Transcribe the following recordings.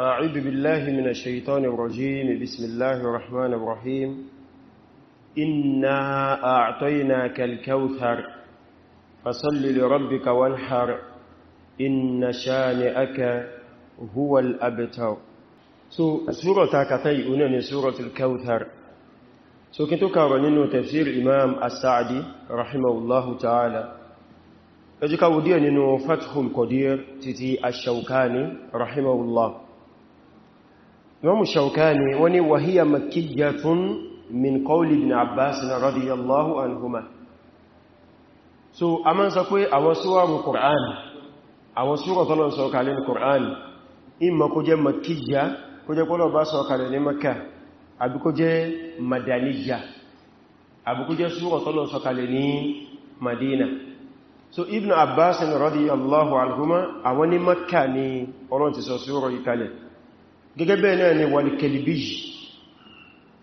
أعوذ بالله من الشيطان الرجيم بسم الله الرحمن الرحيم إنا أعطيناك الكوثر فصل لربك وانحر إن شانئك هو الأبتر so sura ta katai una ne suratul kauthar so kin to kawo nínú tafsir imam as-sa'di rahimahullahu ta'ala eji kawo díẹ̀ nínú fathul qadir títí ash-shawkani rahimahullahu imamu shaukani wani wahiya makiyatun min qawli ibn abbas na radiyallahu anhuma so a man sọ pé àwọn súwárù ƙùrán àwọn súwárù tọ́lọ̀n sọ̀kalẹ̀ ní ƙùrán imma kó jẹ́ makiyya kó jẹ́ kọ́lọ̀ bá maka àbí kó jẹ́ madaniyya àbí kó jẹ́ súwárù madina so ibn abbas radiyallahu anhuma àwọn ní maka ni ọlọ́n ti sọ gẹ́gẹ́ bẹ́ẹ̀ náà ni wàlìkẹ̀lìbí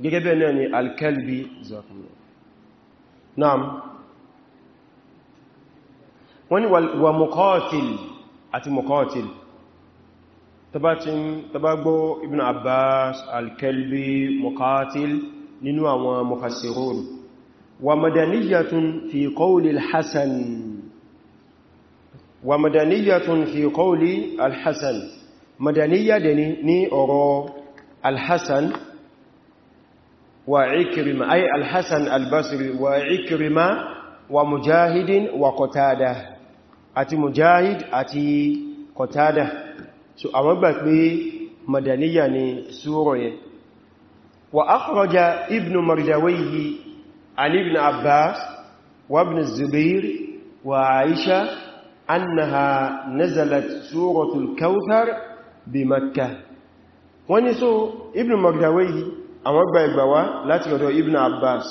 gẹ́gẹ́ bẹ́ẹ̀ náà ni alkẹ̀lìbí zakumọ̀ naam wọ́n ni wà mọ̀kọ́ọ̀tìl àti mọ̀kọ́ọ̀tìl tabagbó ibn abbas alkẹ̀lìbí mọ̀kọ́ọ̀tìl nínú àwọn mufassirun wa madaniyatun fi qawli madaniya da ni ní ọ̀rọ̀ alhassan wa ikirima ay alhassan albasri wa ikirima wa mujahidin wa kọtada àti mujahid àti kọtada so àwọn gbà madaniya ni súrọ̀ wa akhraja ibn marjawayi an ibn abbas wa ibn zubair wa aisha annaha nazalat suratul kauthar bí Makkah wọ́n ní so ibn magdawaihi àwọn gba ìgbàwá láti lọ́dọ̀ ibn abbas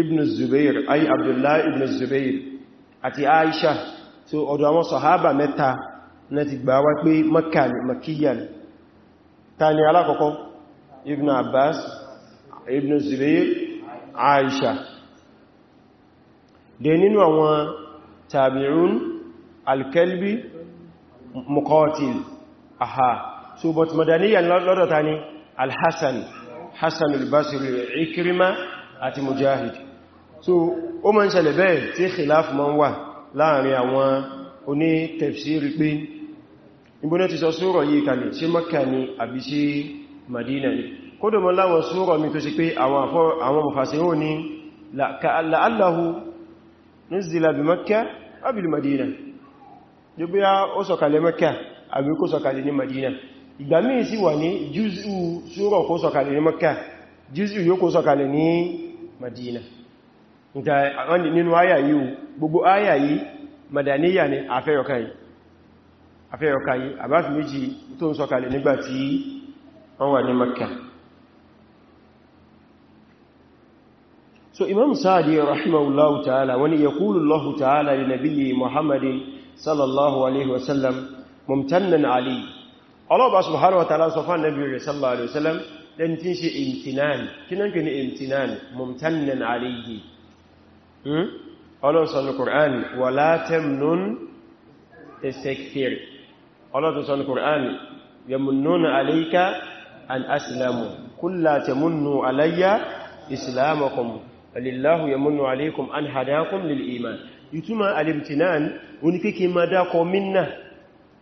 ibn zubair ayi abdullahi ibn zubair àti aisha so ọ̀dọ̀ àwọn sahaba mẹ́ta na ti gbàwá pé Makkah ni makiyya ni ta ni alákọ̀ọ́kọ́ ibn abbas ibn zubair aisha dẹ̀ nínú àwọn tabi'un alkalbi muqatil aha so but madaniya lọ́dọ̀ ta ni alhassan hassan al-basri ikrima àti mujahid so ó ma ń ṣẹlẹ̀ bẹ́ẹ̀ tí khilaf ma ń wà láàrin àwọn oní tafsiri pé ibùnà ti sọ sura yìí kalẹ̀ sí makka ni àbí sí madina ni kódò mọ́ láwọn sura mi tó sì pé àwọn mufasirun ni la'allahu nuzila bi makka abil madina yóò bí ó sọ̀kalẹ̀ makka àbí kó sọ̀kalẹ̀ ní Madina ìgbà míì sì wà ní jùzù súrọ̀ kó sọ̀kalẹ̀ ní Makka jùzù yóò kó sọ̀kalẹ̀ ní Madina nínú áyà yìí gbogbo áyà yìí madaniya ni afẹ́yọkayi àbáfi méjì tó ń sọ̀kalẹ̀ nígbàtí wọ́n wà ní Makka so imam Sa'di rahimahullahu ta'ala wani yaqulu Allahu ta'ala li nabiyyi Muhammadin sallallahu alaihi wasallam mọ̀mtánnan alì ọlọ́bàá subhanahu wa ta'ala sọ fán nàbí rẹ̀ sallallahu alaihi wasallam dan tin ṣe imtinan kinan kini imtinan mọ̀mtánnan alì yìí ọlọ́ọ̀sọ̀ ní Qur'an wa la tamnun an hadakum lil iman ìtumọ̀ alimtinan oníkíkí ma dákọ̀ minna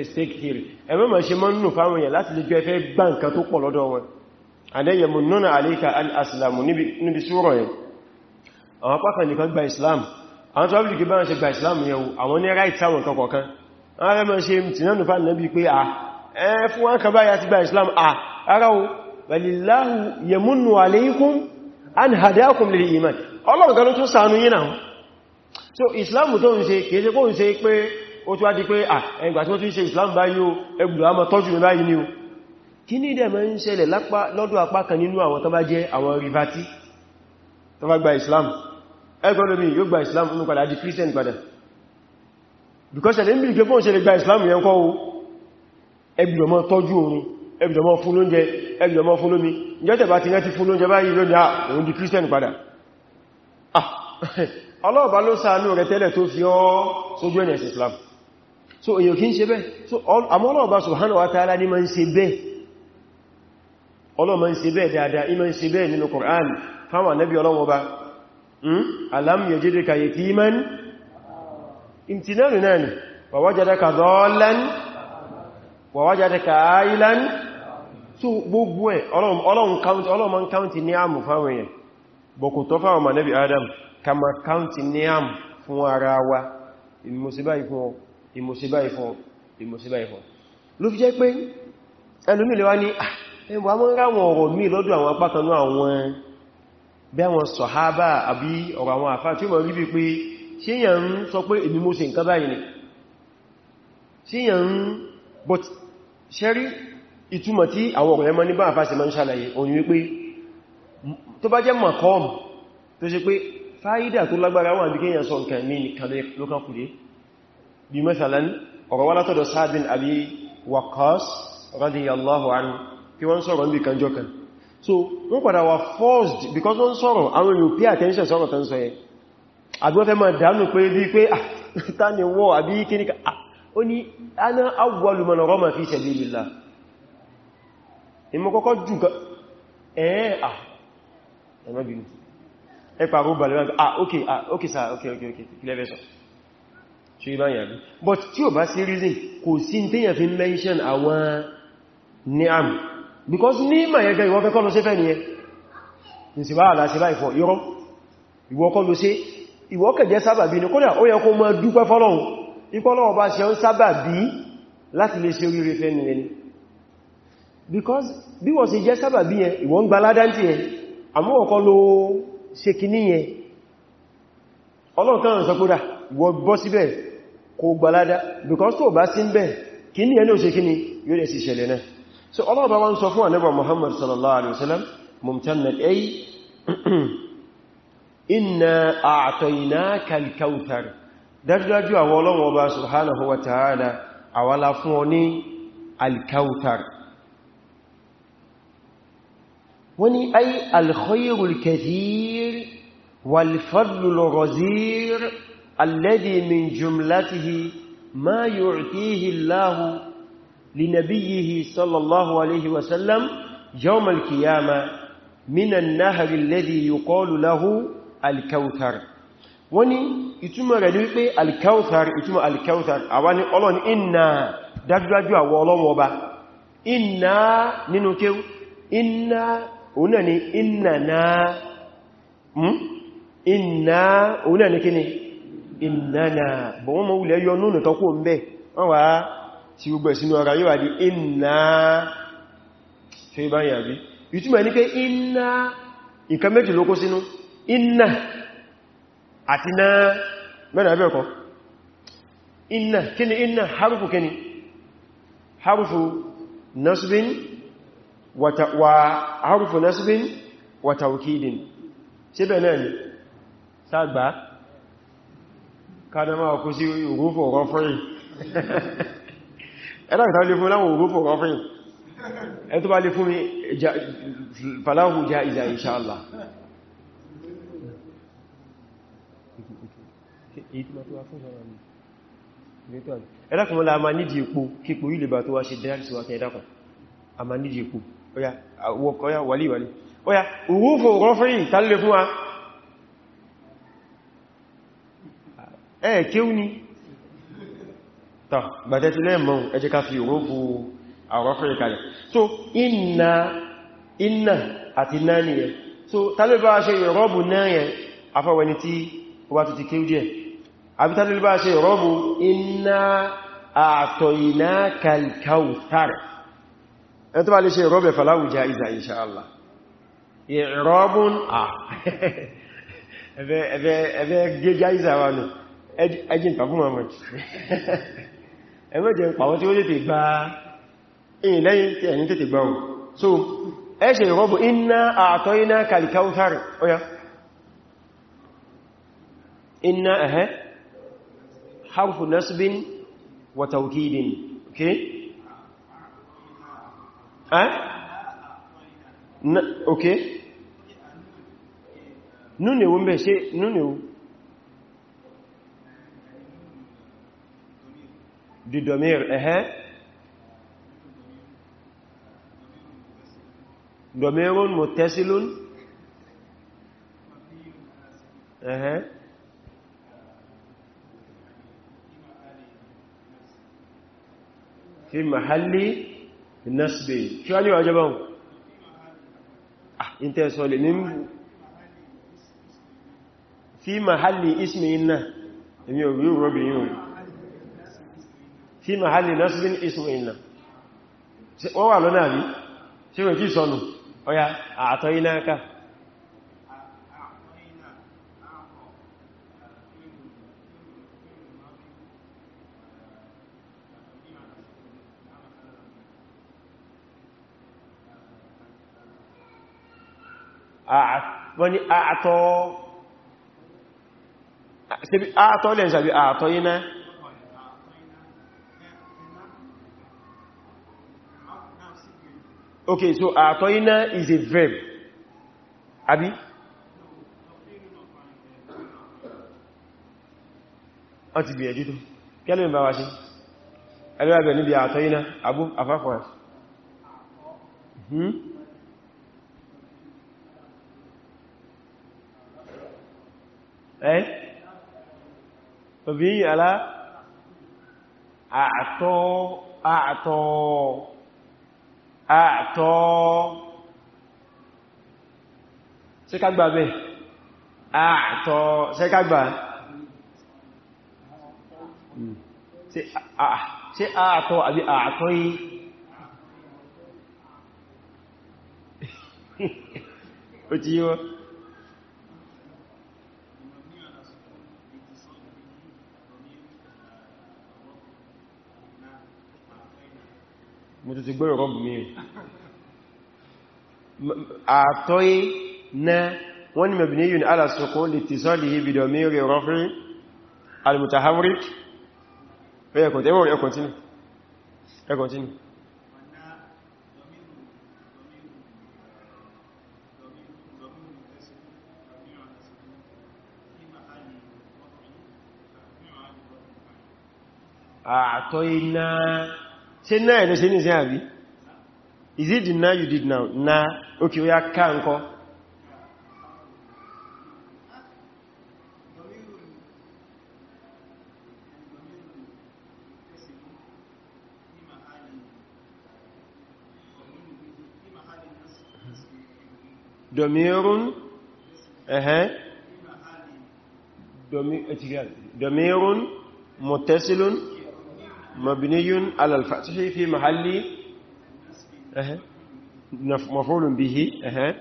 stake here ẹmọ́ ma ṣe mọ́nù fáwọn èèyàn láti lè jọ ẹfẹ́ gbá nǹkan tó pọ̀ lọ́dọ̀ wọn àdẹ́yẹ mú nọ́nà àlékà al-aslamu níbi súrọ̀ yẹn àwọn apákan nìkan gba islam àwọn tó wábìlì gbá ṣe gba islam yẹ̀wò àwọn ní right sáwọn nǹkan kọ̀ọ̀kan wọ́n rẹ̀ mọ́ ṣe tìnánù fáwọn nẹ́bí pé à ẹ fún so islam tó ń ṣe kèése kó ń ó tún wá di pé ah, ẹgbà tí wọ́n tún ṣe Islam báyìí o ẹgbùdó àmọ́ tọ́jú mi báyìí ni o kí ní ìdẹ̀ máa ń ṣẹlẹ̀ lọ́dọ̀ apá kan nínú àwọn tó jẹ́ àwọn rivati tó gba Islam ẹgbẹ́lómi yóò Islam fún di Christian padà because ẹ̀lẹ́ ń bí Islam yẹn kọ́ o ẹgbùdó mọ́ tọ́jú òun ẹgbùdó mọ́ fún lóúnjẹ ẹgbùdó mọ́ fún lómi ìjọ́tẹ̀ ah, Christian padà ah, ọlọ́ọ̀bá ló ṣàánú rẹ̀ tẹ́lẹ̀ tó fi ọ́ sójú ẹ̀nà Islam so èyàn kí ń ṣe bẹ́ẹ̀ so àmọ́ ọlọ́ọ̀bá subhanahu wa ta'ala ní ma ń ṣe bẹ́ẹ̀ ọlọ́ọ̀má ń ṣe bẹ́ẹ̀ dáadáa ima ń ṣe bẹ́ẹ̀ nínú Qur'an fáwọn nẹ́bí ọlọ́wọ́ba hmm? alam yajidika yatiman imtinanu nani wa wajadaka dhallan wa wajadaka ailan so gbogbo ẹ̀ ọlọ́ọ̀má ń káùntì ní àmù fáwọn èèyàn bọ̀kùtọ́ ìmọ̀síbá ìfọ́ ìmọ̀síbá ìfọ́ ló fi jẹ́ pé ẹlòmí lè wá ní ah, ẹwà wọ́n ráwọn ọ̀rọ̀ mí lọ́dọ̀ àwọn apákanú àwọn bí àwọn sọ̀hábà àbí ọ̀rọ̀ àwọn àfá tí ó mọ̀ rí bí pé ṣe yàn ń sọ pé èmi mo ṣe nǹkan báyìí ni ṣe yàn ń but ṣẹ́rí ìtumọ̀ tí àwọn ọ̀rọ̀ ẹmọ níbá àfá ṣe mọ́ ń ṣàlàyé òyìn wípé tó bá jẹ́ mọ̀kọ́ọ̀mù tó ṣe pé fáídà tó lágbára wà bí kéèyàn sọ nǹkan mí nìkan bí mẹ́sàlán ọ̀rọ̀ wá látọ̀dọ̀ sáàdín àbí wakọ́s radiyallahu anhu kí wọ́n sọ̀rọ̀ níbi kan jọkan so wọ́n padà wà forced because wọ́n sọ̀rọ̀ àwọn èèyàn pay attention sọ̀rọ̀ tán sọ yẹ àgbọ́fẹ́ ma dánù pé bí pé ah, tani wọ́ àbí kíníkà ah, ó ní ana awwalu man rama fi sabilillah ìmọ̀kọ́kọ́ jù ẹ̀ẹ́ à ẹ̀mọ́bìnrin ẹ̀pàá rúbà lẹ́wọ́n ah okay ah okay sir okay okay okay clear version ṣe bá yàrí but tí ò bá sí reason kò sí téyàn fi mention àwọn ni'am because ní ìmọ̀ ẹgbẹ́ ìwọ́n fẹ́kọ́ ló ṣe fẹ́ nìyẹn ní sí báyà láti báyìí fọ́ yọ́rọ́ ìwọ́kọ́ ló ṣe ìwọ́kẹ̀ jẹ́ sábàbí ní kódà ó yẹ kó mọ́ dúpẹ́ fọ́lọ́run ìpọ́lọ́wọ́ bá ṣe ń sábàbí láti lè ṣe oríire fẹ́ nìyẹn because bí wọ́n ṣe jẹ́ sábàbí yẹn ìwọ́n gba ládántì yẹn àmọ́ ọ̀kọ́ ló ṣe kìíní yẹn ọlọ́run tán sọ kódà wọ́n bọ́ síbẹ̀ kò gbalada because tó bá sí ń bẹ̀ kí ní ẹni ò ṣe kí ni yóò lè sí ṣẹlẹ̀ náà so Allah bá wọ́n sọ fún ànábì Muhammad sallallahu alaihi wasallam mumtannan ay inna الذي من جملته ما يعطيه الله لنبيه صلى الله عليه وسلم يوم القيامة من النهر الذي يقال له الكوثر wani ìtumọ̀ rẹ̀ ní pé alkauthar ìtumọ̀ alkauthar àwa ni ọlọ́ni inna dájúdájú àwọ ọlọ́wọ́ ọba inna nínú kéw inna òun náà ni ìnànà bọ̀ wọ́n mọ̀ wulẹ̀ yọ núnù tọ́kù ń bẹ́ wọ́n wá tí gbogbo ìsinú ọ̀rọ̀ yíwà di iná tí ó bá yà bí ìtumọ̀ ní pé iná nǹkan méjì ló sínú iná àti iná mẹ́rin abẹ́ẹ̀kọ́ iná kí harufu kí harufu nasbin wa harufu nasbin wa tawkidin síbẹ̀ náà ni sáàgbàá kádẹ máa kú sí ògúnfò rọ́fìn ẹ̀dàkìtà lè fún láwọn ògúnfò rọ́fìn ẹ tó bá lè fún mi falahu jaiza inṣáàlá ẹ̀dàkùn mọ́lá a máa nídi epo kípo yìí lè bá tó wá ṣe dẹ́rẹ́ sí wákẹ́ ẹ̀dàkùn a máa nídi epo ọya wọ̀kọ́ ya wàlíwàlí ọya ògúnfò rọ́fìn tàlẹ́ fún wa ẹ̀ kéwú ni tà gbàtẹ́ ti lẹ́mọ̀ ẹ jẹ́ ká fi òrógbò àwọn so inna inna àti náàni yẹ so tàbí bá ṣe ìrọ́bù náà yẹ afọ́wẹni tí ó bá ti kéwú díẹ̀ àbí tàbí bá ṣe ìrọ́bù inna a'tainakal kawthar ẹni tó bá lè ṣe ìrọ́bù ìrọ́bùn à ẹ̀fẹ́ gẹ́gẹ́ ìzàwánù ẹjìn tàbí mọ̀mọ̀ ẹmọ́jẹ pàwọn tí ó lè tè gba ẹ̀yìn lẹ́yìn tí ẹ̀yìn tètè ohun so ẹ́ṣẹ̀ ìrọ́bù iná àtọ́ iná kàlìkáútàrì ọya iná ẹ̀hẹ́ harfu nasbin wa tawkidin eh oke. nune ewu mbe se nune ewu. du domir ẹ̀hẹ́ domirun mutasilun ẹ̀hẹ́ fi mahalli nasbe kí wá ní ọjọ́ bọ́n ah, ìntẹ́sọ̀lẹ̀ ní fi mahalli ismi iná èmi ò rí rọ́bì yìí fi mahalli nasbin ismu inna wọ́n wà lọ́nà àbí ṣe wọ́n kí sọ́nù ọya àtọ́ iná ká wọ́n ni àtọ́ lẹ́nṣàbí àtọ́ iná okay so àtọ́yíná is a verb àbí wọ́n ti gbìyànjú tó kẹ́lẹ̀ bá wá sí ẹlẹ́wàbẹ̀ níbi àtọ́yíná abú afáfọ́ hmm? ẹ́ tọ̀bí alá àtọ́ àtọ́ àtọ́ ṣẹ́kàgbà bẹ́ àtọ́ ṣẹ́kàgbà hmm. ṣe àtọ́ àbí àtọ́ yìí ó ti yíwọ́ mo ti gbọ́rọ̀ rọ́bù mi àtọ́yí na wọ́n ni mẹ́bìnì yìí alásùkún lè ti sọ́lì yìí bìdọ̀ mẹ́rẹ rọ́fí almutahamrik ẹ continue ẹ continue àtọ́yí ṣe náà ẹ̀lẹ́ ṣe ní ìsẹ́ àbí is it the now you did now na okay ó yá ká ǹkọ́ domirun ẹ̀hẹ́n domirun mutasilun مبني على الفتح في محل أه. مفعول به أه.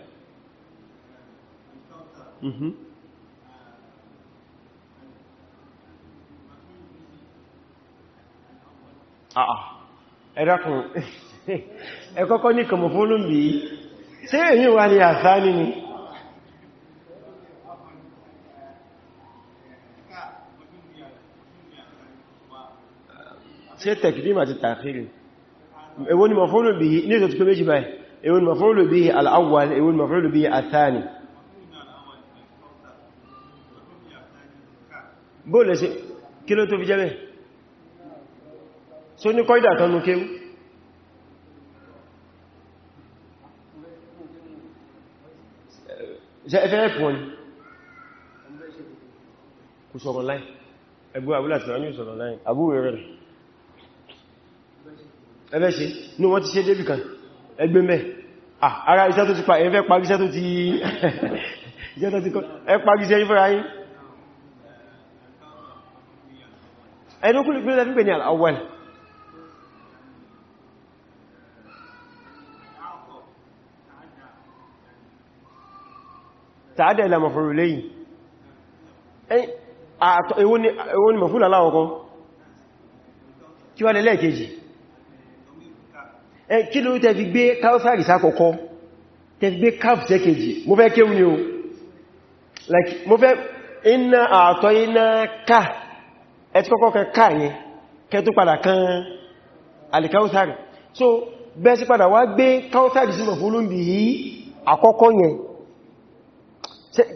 مه. ẹ̀dàkùn ẹ̀kọ́kọ́ ní kọmọ̀fóònù bí i tí èyí wà ní àtà nínú ṣe tẹ̀kìdìm àti tààkìrì èwo ni maf'ulu bihi ní ètò tukọ méjì báyìí èwo ni maf'ulu bihi al-awwal èwo ni maf'ulu bihi athani bóòlẹ̀ sí kí ló tó fi jẹ́bẹ̀ so ní kọ́ìdà kan nù kéwú ẹfẹ́ ẹ̀pùn ni kò sọ̀rọ̀ láì ẹgbẹ́ àbúlà ẹbẹ́ ṣe ní wọ́n ti ṣe débì kan ẹgbẹ́ mẹ́ ara iṣẹ́ tó ti pa ẹ̀fẹ́ parí iṣẹ́ tó ti ẹ parí iṣẹ́ ìfẹ́ra yìí ẹ̀dọ́kùn ìpínlẹ̀ fífẹ́ ní al-awwal tàádẹ̀ ìlàmọ̀ fòrò lẹ́yìn kí wá lẹ́lẹ́kejì kí ló tẹ́ fi gbé káùsàrì sákọ̀ọ́kọ́ tẹ́ fi gbé káàfù sẹ́kẹ̀jì mo fẹ́ kéwú ni o like mo fẹ́ iná àtọ́ iná ká ẹtí kọ́kọ́ kan ká yẹn kẹ́ tó padà kan alìkáùsàrì so bẹ́ẹ̀ sí padà wá gbé káùsàrì sí mọ̀fúnlúmbì yìí àkọ́kọ́ yẹn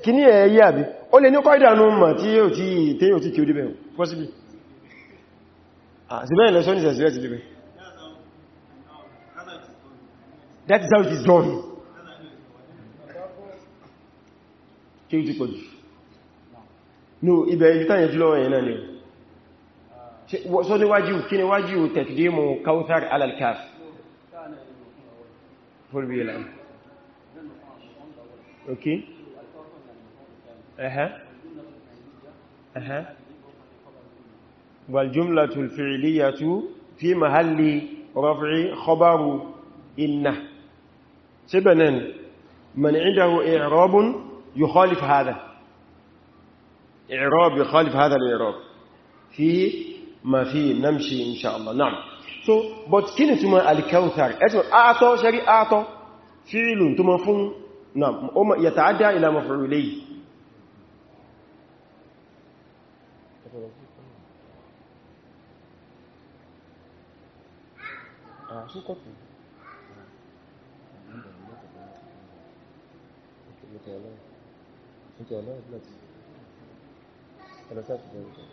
kì ní ẹ̀yẹ àbí ó lè ní kọ́ ìdànú mọ̀ tí yóò tí tí yóò ah sí bẹ́ẹ̀ lẹ́sọ́ That is how it is done. Kí ní ti pọ̀jù? No, ibẹ̀ ìjútà yẹn jùlọ ẹ̀yẹn náà ni. Sọ níwájú, kí níwájú tẹ̀tìdé mú Kauthar Alalkaf? Fólbí ìlà. Ok? Ẹ̀hẹ́? Ẹ̀hẹ́? Waljumlatul fi'liyatu fi mahalli rafi khabaru inna. سبنان من عنده إعراب يخالف هذا إعراب يخالف هذا الإعراب في ما في نمشي إن شاء الله نعم so but كين ثم الكوثر أسمع أعطى شري أعطى فعل ثم فن نعم يتعدى إلى مفعولي آه، شو قلت with your life, with your life, not understand today.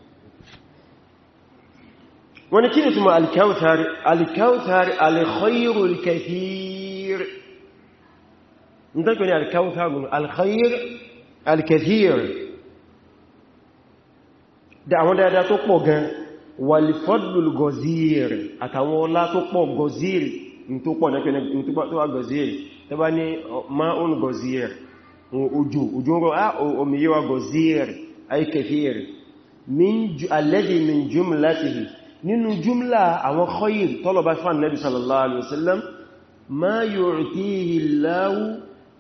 wọ́n ni kí ni túnmọ̀ alkautar alkautar alkhairu alkathir ní tọ́kọ̀ ni alkautar alkhair alkathir da àwọn dáadáa tó pọ̀ gan walifadlul gozir àtàwọn ọlá tó pọ̀ gozir ní tó pọ̀ náà tó wà gozir tàbá ní ma'un gozir ojú ojú ọrọ̀ ah, omiyíwa gọzír aikafir alẹ́dì min jùmlá ti hì nínú jùmlá àwọn khoyir tọ́lọ̀bá fún annabi sallallahu alaihi wasallam ma yu'tihi Allahu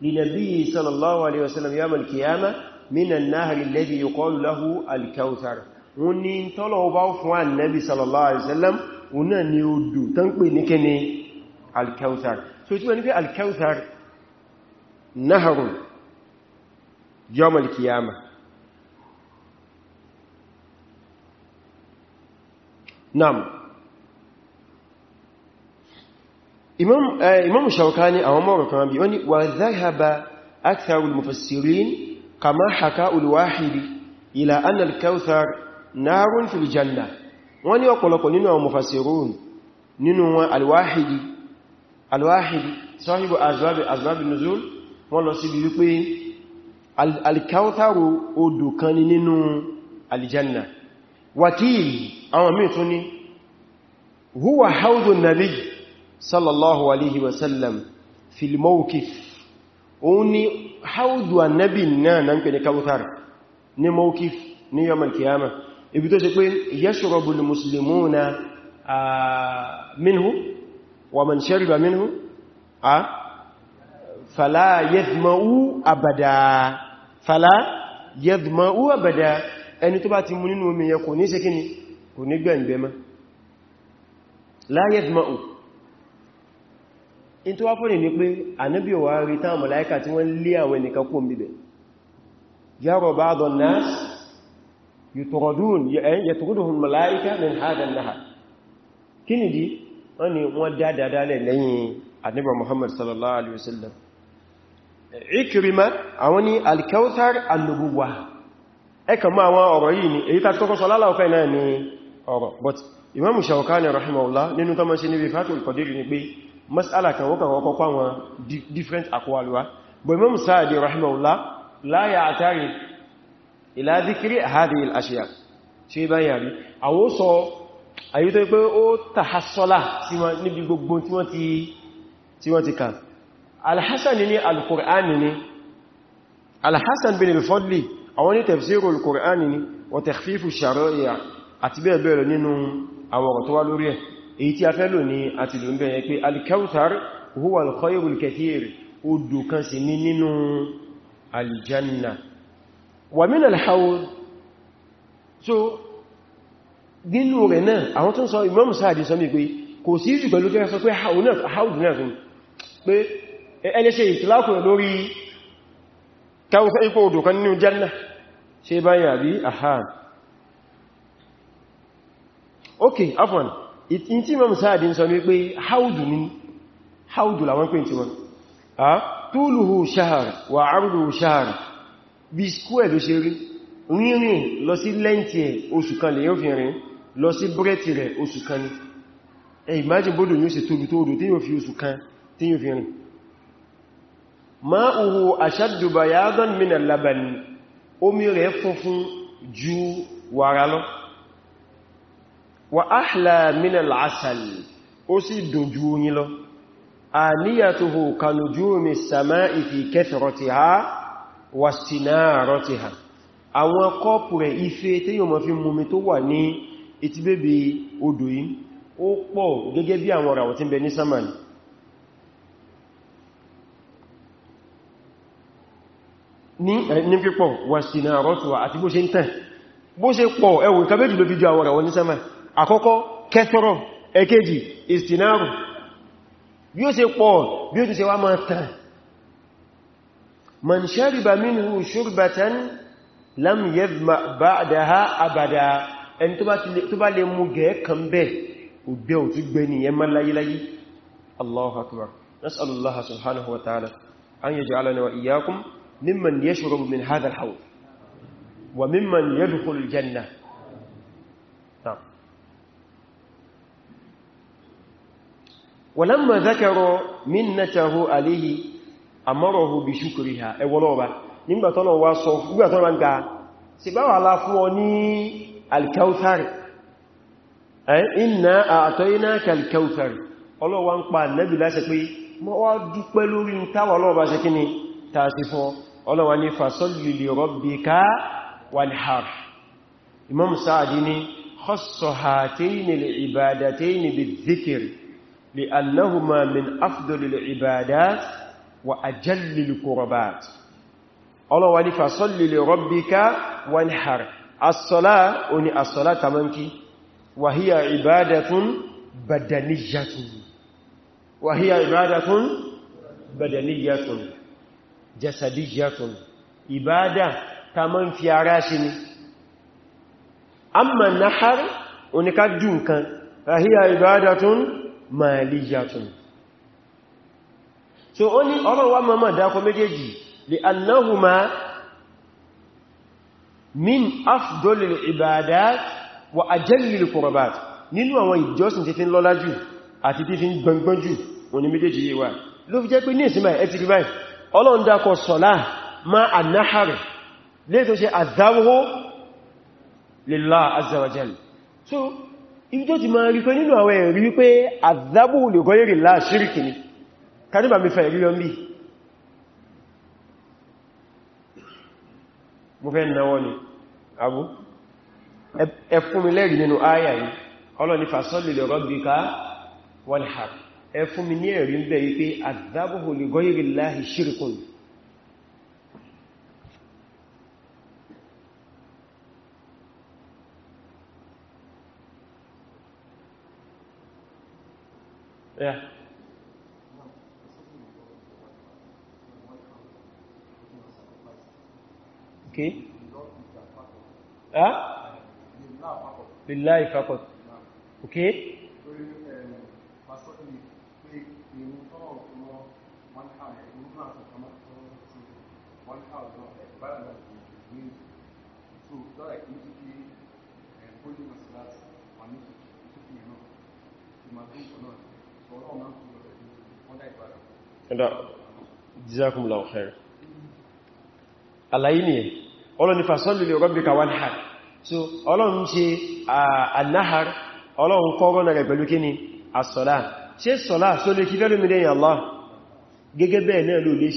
li nabiyyi sallallahu alaihi wasallam yawm al-qiyamah min an-nahr alladhi yuqalu lahu al-kawthar wọ́n ní tọ́lọ̀bá fún annabi sallallahu alaihi wasallam wọ́n náà ni odò tán pè nahrun yọmọlì kìyàmà nam imam eh, shaukani àwọn mọ́rọ̀ kan bí wani wa zahaba aktharul mufassirin kama haka ulwahidi ila annal kawthar narun fil janna wọ́n ní ọ̀pọ̀lọpọ̀ nínú àwọn mufassirun nínú wọn alwahidi alwahidi sahibu azwabi azwabi nuzul wọ́n lọ sí bí wípé alkautharu odò kan ni nínú aljanna wakil àwọn mí tún ní huwa haudun nabi sallallahu alaihi wasallam fil mawqif òun ni haudu annabi náà na ń pè ní kauthar ní mawqif ní yawm al ibi tó ṣe pé yashrabu al-muslimuna minhu wa man shariba minhu a fala yathma'u abada fàlá yẹ́dùmọ́ ó bẹ̀dà ẹni tó bá ti mú nínú omi yẹ kò ní ṣe kí ni kò ní gbẹ̀ǹgbẹ̀ mọ́ láyẹ́dùmọ́ ó in tó wá fún ní pé ànábì wà rí táwọn màláíkà tí wọ́n lé àwọn ẹnìkan kó mbibẹ̀ yàrọ̀ bá dọ̀n náà yẹ̀tọ̀rọ̀dùn màláíkà min Ikrima àwọn ní al-Kawthar an-Nubuwwah ẹkàn máa wọn ọ̀rọ̀ yìí ni èyí tàbí tọ́kọ́ sọ náà ni ọ̀rọ̀ but Imam Shawkani rahimahullah nínú tọ́mọ́ sí ní Fathul Qadir ni pé mas'ala kan wọ́kà wọ́kọ́ different aqwaluwa but Imam Sa'di rahimahullah la ya'tari ila dhikri hadhihi al-ashya' ṣe bá yàrí àwọn sọ àyíkọ́ pé ó tàhásọ́lá níbi gbogbo alhassan ni al-qur'ani ni alhassan bin al-fadli àwọn ni tafsiru al-qur'ani ni wa takhfifu shara'i'a àti bẹ́ẹ̀ bẹ́ẹ̀ lọ nínú àwọn ọ̀rọ̀ tó wà lórí ẹ̀ èyí tí a fẹ́ lò ní àti lò ń bẹ̀rẹ̀ pé al-kawthar huwa al-khayrul kathir odò kan sì ní nínú aljanna wa min al-hawl nínú rẹ̀ náà ẹlẹ́ ṣe ìtìlákùn lórí káwọ́sẹ́ ipò odò kan nínú jẹ́nà ṣe báyìí àbí àhá ok afwan in tí mọ́ sáàdì ń sọ ní pé haudu ni haudu làwọn pè tí wọ́n a túlùhù ṣahar wà arúgbù ṣahar bí square ló ṣe rí rínrìn lọ sí lẹ́ntì ẹ̀ oṣù kan lè yóò fi rìn lọ sí brẹ́tì rẹ̀ oṣù kan ni ẹ̀ imagine bódò yóò ṣe tóbi tó tí yóò fi oṣù kan tí yóò fi rìn ma'uhu ashaddu bayadan min al-laban omi rẹ̀ funfun ju wàrà lọ wa ahla min al-asal ó sì dùn ju oyin lọ aniyatuhu kanujumi sama'i fi kathratiha wa istinaratiha àwọn kọ́pù rẹ̀ ife tí yíò mọ̀ fi mumi tó wà ní ìtibébé odò yìí ó pọ̀ gẹ́gẹ́ bí àwọn ràwọ̀ tí Eh, ní pípọ̀ wà sí náà rọ́tùwà àti bó ṣe ń tàn bó ṣe pọ̀ ẹwù nǹkan méjì ló fi jọ àwọ̀rẹ̀ wọn ní sẹ́mà àkọ́kọ́ kẹsọ́rọ̀ ẹ̀kejì ìstìnárù bí ó ṣe pọ̀ bí ó ti ṣe wá máa tàn man shariba minhu shurbatan lam yadhma ba'daha abada ẹni tó bá lè mú gẹ̀ẹ́ kan bẹ́ wa ta'ala ممن يشرب من هذا الحوض وممن يدخل الجنة نعم. ولما ذكر منته عليه أمره بشكرها اي ولوبا نيمبا تولو واسو غبا أنك انغا سيبا فوني الكوثر إنا اعطيناك الكوثر اولو وان با نبي لا سيبي ما وا دوبي لوري نتا ولوبا ọlọ́wà ní fasalli li rabbika walhar imam sáàdì ní khassohataini al'ibadataini bizikir li annahuma min afdolil ibadat wa ajallil qurbat ọlọ́wà ní fasalli li rabbika walhar asọ́lá oní asọ́lá tamanki wa badaniyatun jasadiyatun ìbádà ta ma ń fi ara ṣe ni amma nahar oníkájú nǹkan rahiya ìbádatun maliyatun so ó ní ọ̀rọ̀ wa mọ́mọ̀ dákọ méjèèjì li annahuma min afdolil ibadat wa ajallil qurbat nínú àwọn ìjọsìn tí fi ń lọ́lá jù àti tí fi ń gbọngbọ́n jù òní méjèèjì yíwa ló fi jẹ́ pé ní ìsinmi ti rí ọlọ́run dákọ̀ sọ̀lá ma annahari lè tó ṣe àdáwó lillah azza wa jal so ibi tó ti ma rí pé nínú àwọn ẹ̀rí wípé àdábò lè gọ́yẹ̀rì láà ṣíríkì ni kaníbà mi fẹ́ ríọ mí mo fẹ́ náwọ́ ni abú ẹ fún mi lẹ́rìí nínú áyà yìí ọlọ́ni fasalli li rabbika wanhar ẹ fún mi ní ẹ̀rí ń bẹ̀ yí pé àdábòhò lè gọ́yìrì láhì ṣírìkùn Okay. Huh? Billahi faqat. Okay. Barna, que é Sultana Kitiki, uma cidade, uma missa de Kitiki, que matou o nome, só o nome do Ondai Barna. Ẹ̀dá, Jazakumullahu khair. ka ha. So, na rẹ̀ pẹ̀lú kí ni, àṣọ́lá. Ṣé sọ́lá sólé kí fẹ́lú mi dẹ́yìn Allah? Gẹ́gẹ́ bẹ́ẹ̀ náà ló lè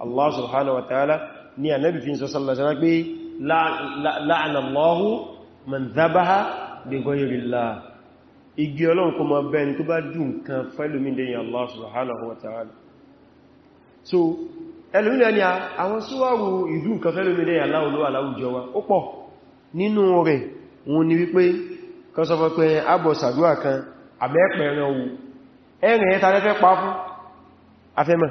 Allah subhanahu wa ta'ala ní ànábì fi ń sọ sallallahu alaihi wasallam pé la'ana Allahu man dhabaha li ghayri Allah igi Ọlọ́run kò máa bẹ́ni tó bá dùn kan fẹ́lómi so ẹlòmínà ni àwọn síwárò ìlú nǹkan fẹ́lómi dẹ̀yìn aláwòló aláwùjọ wa ó pọ̀ nínú rẹ̀ òun ni wípé kan sọ fọ́pẹ́ àbọ̀ sàdúwà kan àbẹ́ẹ̀pẹ̀ẹ̀rẹ̀ ohun ẹ̀rìn ẹ̀ta lẹ́fẹ́ pa fún afẹ́mọ̀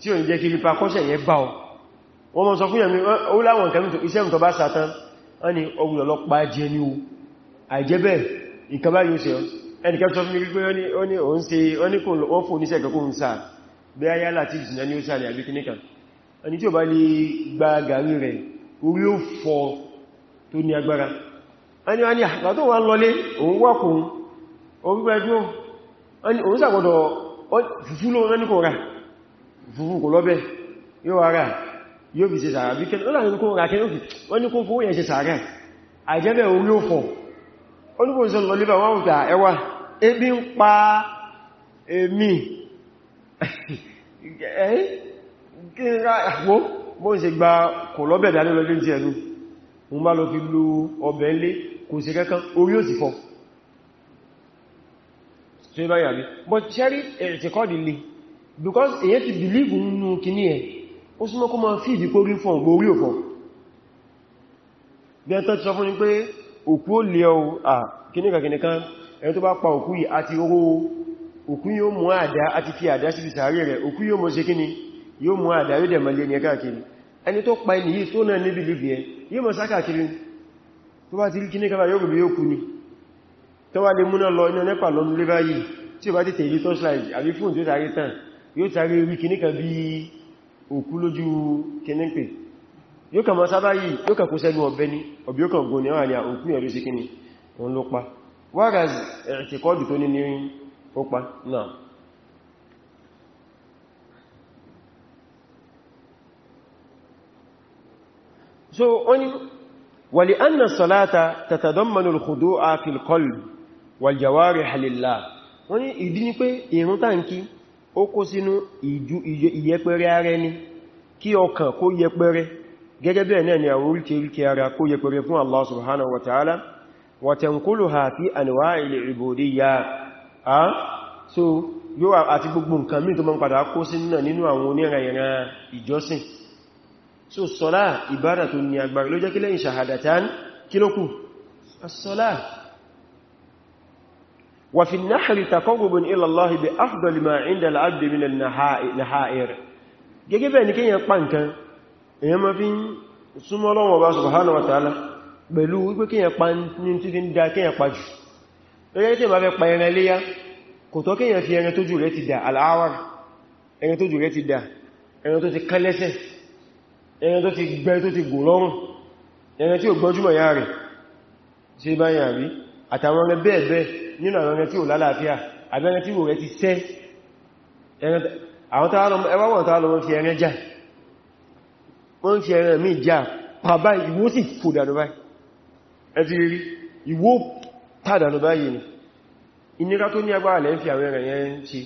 tí ó ń jẹ́ kí lípa kọ́ṣẹ̀ yẹ bá ọ wọ́n mọ́ sọ fún yẹ̀mí ó láwọn nǹkan mìtò iṣẹ́ mìtò bá sátán wọ́n ni ọgbùn ọlọ́pàá jẹ ní o àìjẹ́ bẹ́ẹ̀ nǹkan bá yóò ṣe ọ ẹnìkan sọ fún mi pé ó ní òun ṣe ó ní kò wọ́n fún oníṣẹ́ kẹ́kọ́ ń sáà bí a yálà tí ah, òun sàgbọ́dọ̀ fúfú lóòrán ní kò rà fùfú kò lọ́bẹ̀ yóò ara yóò fi ṣe sàárà bí kẹ́ lọ́nà kó ra kẹ́ wọ́n ní kó fún yẹn ṣe sàárà àìjẹ́bẹ̀ orí ò fọ̀ olúbòsàn lọ lébà wọ́n wùta ẹwà ebi ń pa èmi ẹ̀yìn kí n ra àpò bó ń ṣe gba kò because èyàn ti believe nínú kìíní ẹ̀ ó súnmọ́ kó máa fi ìdíkó rí fún ọgbò orí òfò bí ẹ tọ́ ti sọ fún ni pé òkú ó lè ọ à kìníkà kìníkà ẹni tó bá pa òkú yìí àti oró òkú yóò mú àdá àti fi àdá sí ìsàárè rẹ̀ òkú yóò mọ́ ṣe kíní yóò mú àdá yóò dẹ̀ mọ́lé ní ẹ káàkiri ẹni tó pa ẹni yìí tó náà níbi lùbí ẹ yóò mọ́ sákàkiri tó bá ti rí kíní kàbà yóò rùbí yóò kú ni tó wá lè múná lọ iná nẹ́pà lọ nílé báyìí tí ó bá tètè rí torchlight yóò tàrí rí kìníkà bí òkú lójú kìníkà yóò kà mọ́ sábà yìí yóò kà kó sẹ́nu ọ̀bẹ ní ọ̀bí yóò kà gùn ní àárín òkú yẹ̀ sí kìní òun ló pa whereas ẹ̀tìkọ́dù tó ní ní ó pa náà so oni wàlì anna salata tatadammanu al-khudu'a fil qalbi wal jawarih lillah wọ́n ìdí ní pé ìrun táǹkì ó kó sínú ìyẹpẹrẹ ara ẹni kí ọkàn kó yẹpẹrẹ gẹ́gẹ́ bẹ́ẹ̀ náà ni àwọn oríkèríkè ara kó yẹpẹrẹ fún Allah subhanahu wa ta'ala wa tanquluha fi anwa'il ibudiyya a so yóò àti gbogbo nǹkan mí tó mọ́ padà kó sínú náà nínú àwọn so sọ́lá ìbádà tó ní agbára ló jẹ́ kí وفي النحر تقرب إلى الله بأفضل ما عند العبد من النحائر gẹ́gẹ́ bẹ́ẹ̀ ni kí èyàn pa nǹkan èyàn ma fi ń súnmọ́ Ọlọ́run Ọba subhanahu wa ta'ala pẹ̀lú wípé kí èyàn pa ní tí fi ń da kí èyàn pa jù lọ́yẹ́ tí ma fẹ́ pa ẹran iléyá kò tọ́ kí èyàn fi ẹran tójú rẹ̀ ti dà aláwar ẹran tójú rẹ̀ ti dà ẹran tó ti kán lẹ́sẹ̀ ẹran tó ti gbẹ tó ti gò lọ́rùn ẹran tí ò gbọ́júmọ̀ yá rẹ̀ ṣe báyìí àrí àtàwọn ọ̀rẹ́ bẹ́ẹ̀bẹ́ nínú àwọn ọ̀rẹ́ tí ò lálàáfíà àbẹ́rẹ́ tí ò rẹ̀ ti tẹ́ ẹwàwọ̀n tàà lọ fi ẹrẹ́ já wọ́n fi ẹrẹ́ mi já pàbá ìwó sì fò dànù báyìí ẹ̀fì rí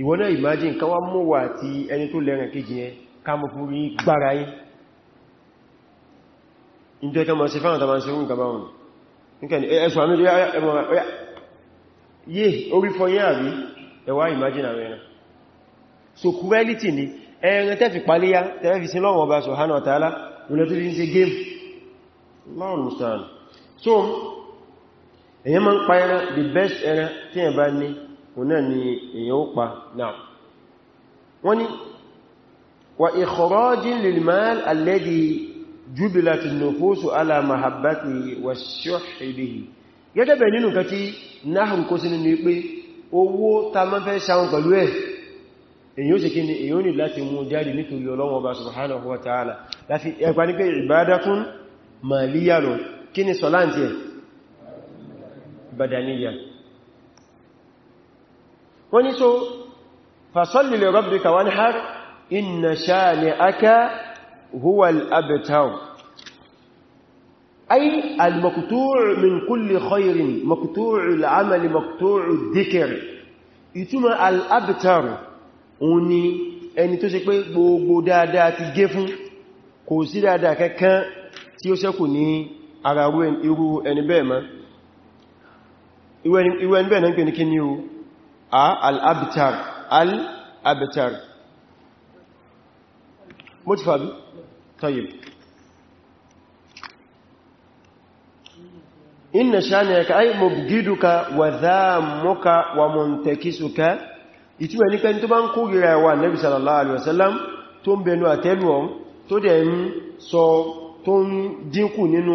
ìwó imagine káwà mọ́wà àti ẹni tó lẹ́rẹ̀ kejì yẹn kámọ́fúrí gbára yìí ìjọ ìkàmọ̀ sí fáwọn tàbí ṣe rú ìgbàbáwọn nìkan ẹ̀ṣọ́ àmì ẹmọ̀ràn yé orí fọ́ yẹ́ àrí ẹwà imagine àwọn so cruelty ni ẹran tẹ́fì paléyá tẹ́fì sí lọ́wọ́ ọba subhanahu wa ta'ala rẹ̀ tó dín sí game lọ́rùn sàn so èyàn máa ń pa ẹran the best ẹran tí ẹ bá ní òun náà ni èyàn ó pa now wọ́n ni wa ikhrajin lil mal alladhi jubilat nufusu ala mahabbati wa shuhibihi gẹ́gẹ́ bẹ̀ nínú kan tí náhùn kó sínú ní pé owó ta máa fẹ́ sáwọn pẹ̀lú ẹ̀ èyí ó sì kí ni èyí ó ní láti mú jáde nítorí Ọlọ́run Ọba subhanahu wa ta'ala láti ẹgbà ní pé ìbádákún màlíyà هو الأبتر أي المقطوع من كل خير مقطوع العمل مقطوع الذكر ìtumọ̀ al-abtar òun ni ẹni tó ṣe pé gbogbo dáadáa ti gé fún kò sí dáadáa kankan tí ó ṣẹ́kù ní ara irú ẹni bẹ́ẹ̀ mọ́ irú ẹni bẹ́ẹ̀ náà ń pè ní kí ni o al-abtar al-abtar mo ti fàbí tọ́yìb inna shani'aka ay mubghiduka wa dhammuka wa muntakisuka ìtumọ̀ ní pé tó bá ń kó gíra wa nabi sallallahu alaihi wasallam tó ń bẹnu àtẹ́lù ọ̀n tó dẹ̀ ń sọ tó ń dínkù nínú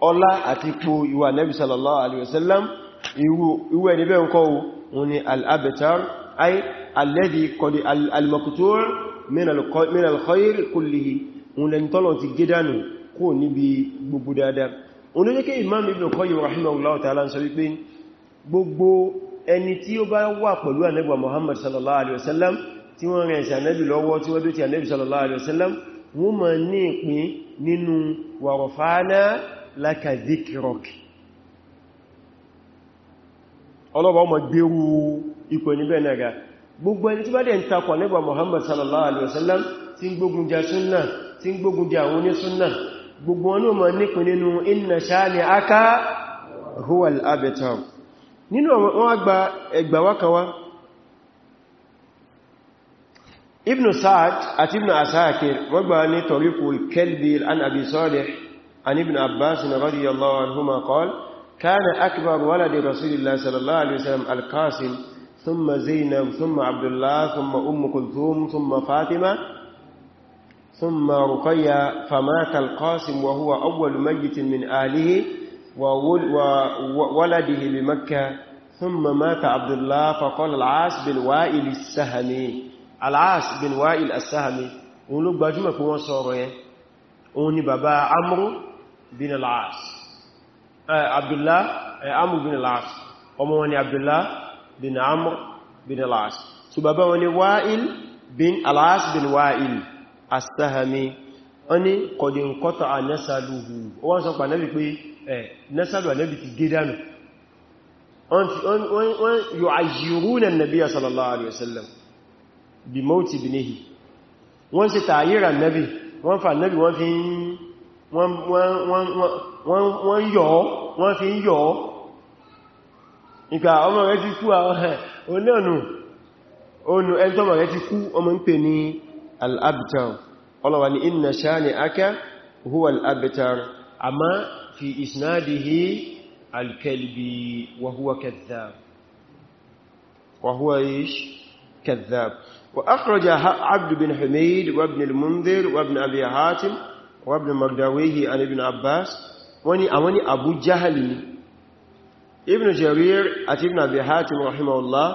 ọlá àti ipò ìwà sallallahu alaihi wasallam irú ń kọ́ al-abtar ay alladhi qad al-maqtu' min al-khayr kullihi òun lẹni tọ́lọ̀ ti gé dánù kó níbi gbogbo dáadáa òun ló jẹ́ kí imam ibn Qayyim rahimahullahu ta'ala ń sọ wípé gbogbo ẹni tí ó bá wà pẹ̀lú anẹ́gbà Muhammad sallallahu alaihi wasallam tí wọ́n rẹ̀ sí anẹ́bì lọ́wọ́ tí wọ́n dó ti anẹ́bì sallallahu alaihi ní ìpín nínú gbogbo ẹni tí bá dẹ̀ ń takọ̀ nígbà Muhammad sallallahu alaihi wasallam tí ń gbógun jà súnnà tí ń gbógun jà àwọn onísúnnà gbogbo wọn ní ọmọ nípin nínú inna shani'aka huwal abtar nínú wọn agba ẹgbà wákawa ibn sa'ad àti ibn asakir wọ́n gbà ní tọ̀ríkù kelbil an abi salih an ibn abbas radiyallahu anhuma qala kana akbar waladi rasulillah sallallahu alaihi wasallam al ثم زينب ثم عبد الله ثم أم كلثوم ثم فاطمة ثم رقية فمات القاسم وهو أول ميت من آله وولده بمكة ثم مات عبد الله فقال العاص بن وائل السهمي العاص بن وائل السهمي òun ló gbajúmọ̀ pé wọ́n sọ̀rọ̀ yẹn òun ni bàbá amru bin al-as abdullah amru bin bin amr bin al-as so bàbá wọn ni wa'il bin al-as bin wa'il as-sahami oni qad inqata nasaluhu ó wá sọ pa nabi pé eh nasalu nabi ti gedanu on on on yu'ayyiruna an-nabiy sallallahu alaihi wasallam bi mauti ibnihi wọ́n wọ́n fa nípa ọmọ rẹ̀ ti kú onáànù onú ẹntọ́mọ̀ rẹ̀ ti kú ọmọ ń pè ní al'abtar ọlọ́wà ní inna shani'aka huwa al'abtar amma fi isnadihi al-kalbi wa huwa kadhdhab wa huwa ish kadhdhab wa akhraja abd bin humayd al-mundhir wa ibn abi magdawihi an ibn abbas wani abu jahali ibn jarir àti ibn abi hatim rahimahullah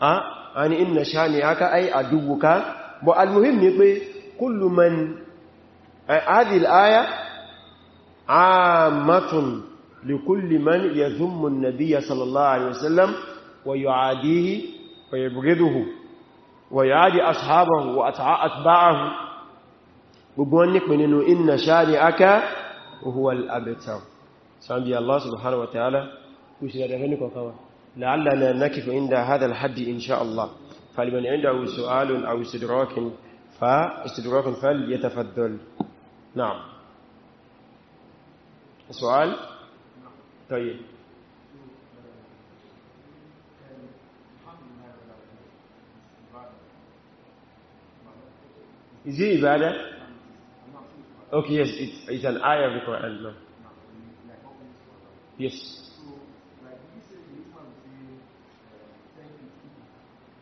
a ani inna shani'aka ay aduwuka bo almuhim ni pé kullu man hadhihi al-aya ammatun li kulli man yazummu an-nabiy sallallahu alayhi wasallam wa yu'adihi wa yabghiduhu wa yu'adi ashabahu wa atba'ahu gbogbo wọn ní pé nínú inna shani'aka huwa al-abtar sanbi allah subhanahu wa ta'ala kùsì dada fẹ́ni kọ̀ọ̀kan wa la'allana nakifu inda hadha al-haddi insha Allah faliman indahu su'alun aw istidrakin fa istidrakin fal yatafaddal na'am su'al tayyib Is it ibadah? Okay, yes, it's, it's an ayah of the Quran. No. Yes.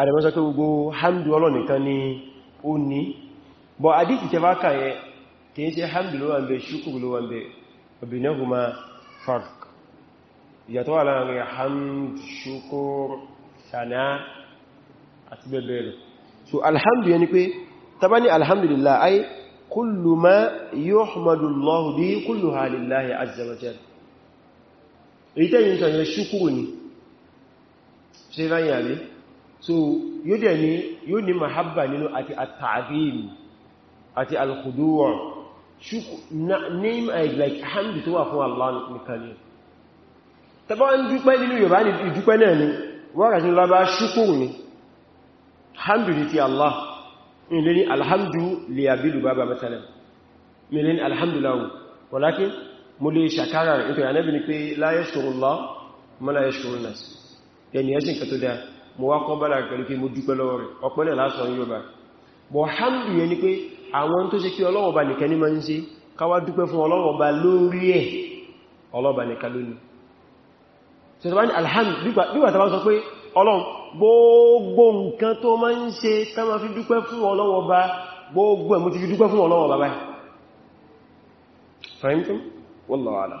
àdẹ̀mọ́ sọ pé gbogbo hamdu ọlọ́nìkan ni ó ní bọ̀ àdíkì tẹfà kàyẹ kìí ṣe hamdu ló wà ń bẹ ṣúkùrù ló wà ń bẹ ọ̀bìnẹ́gùnmá fark ìyàtọ̀ wà láàrin hamdu ṣúkùrù sànà àti bẹ́ẹ̀ lọ so alhamdu yẹn ni pé tàbá ní alhamdulillah ay kullu ma so yóò dẹ̀ ní yóò ní mahabba nínú àti at-ta'zim àti al-khudu' name and like hamdi tó wà fún Allah nìkan ni tàbá ń dúpẹ́ nínú Yorùbá ní ìdúpẹ́ náà ni wọ́n rà sí lábá ṣúkúrù ni hamdu ni ti Allah ilé ni alhamdu lè àbílù bàbá mẹ́tẹ̀lẹ̀ ilé ni alhamdu lahu walakin mo mo wá kọ́bálà pẹ̀lú pé mo dúpẹ́ lọ́wọ́ opele ọ̀pẹ́lẹ̀ lásán yóò bá bọ̀ hamdu ni pé àwọn tó ṣe kí Ọlọ́run ni nìkan n'i ma ń ṣe káwá dúpẹ́ fún ba Ọba lórí ẹ̀ Ọlọ́run Ọba nìkan lónìí gbogbo nǹkan tó máa ń ṣe ma fi dúpẹ́ fún fi dúpẹ́ fún Ọlọ́run Ọba fahimtum wallahu a'lam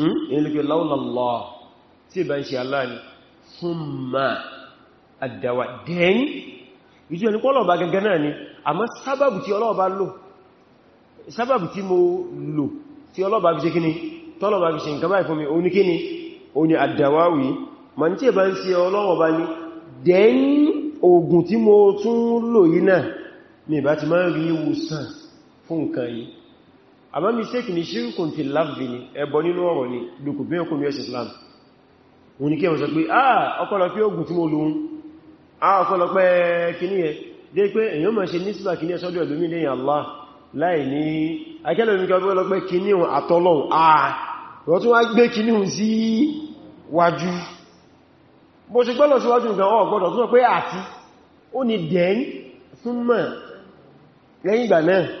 ìlúgbé hmm? láúlọ́lọ́ tí bá ń ṣe aláàrí fún ma àdàwà dẹ́yìn ìjú ẹni pọ́lọ̀bá gẹ́gẹ́ náà ni àmọ́ sábàbù tí ọlọ́ọ̀bá lò sábàbù tí mo lò tí ọlọ́ọ̀bá fi ṣe kíni tọ́lọ̀bá fi ṣe nǹkan báyìí fún mi ó ní kíni ó ní àdàwáwì ma ní tí bá ń ṣe ọlọ́ọ̀bá ni dẹ́yìn ogun tí mo tún lò yìí náà mi bá ti máa rí ìwòsàn fún nǹkan yìí àmọ́ mistake ni ṣírkùn fi láàbì ni ẹbọ nínú ọ̀rọ̀ ni lùkù bí ọkùnrin ẹ̀sìn Islam wọ́n ni kí ẹ̀wọ̀n sọ pé ah ọkọ̀lọ̀ pé ogun tí mo lò ń ah ọkọ̀lọ̀ pé kìní ẹ̀ dé pé èyàn mọ̀ ṣe nísìbà kìní ẹ̀sọ́dọ̀ ẹ̀lómi Allah láì ní akẹ́lẹ̀mí kí ọkọ̀lọ̀ pé ah wọ́n tún wá gbé kìní ohun sí wájú bó ṣe gbọ́lọ̀ síwájú nǹkan ọ̀ gbọ́dọ̀ tún sọ pé àti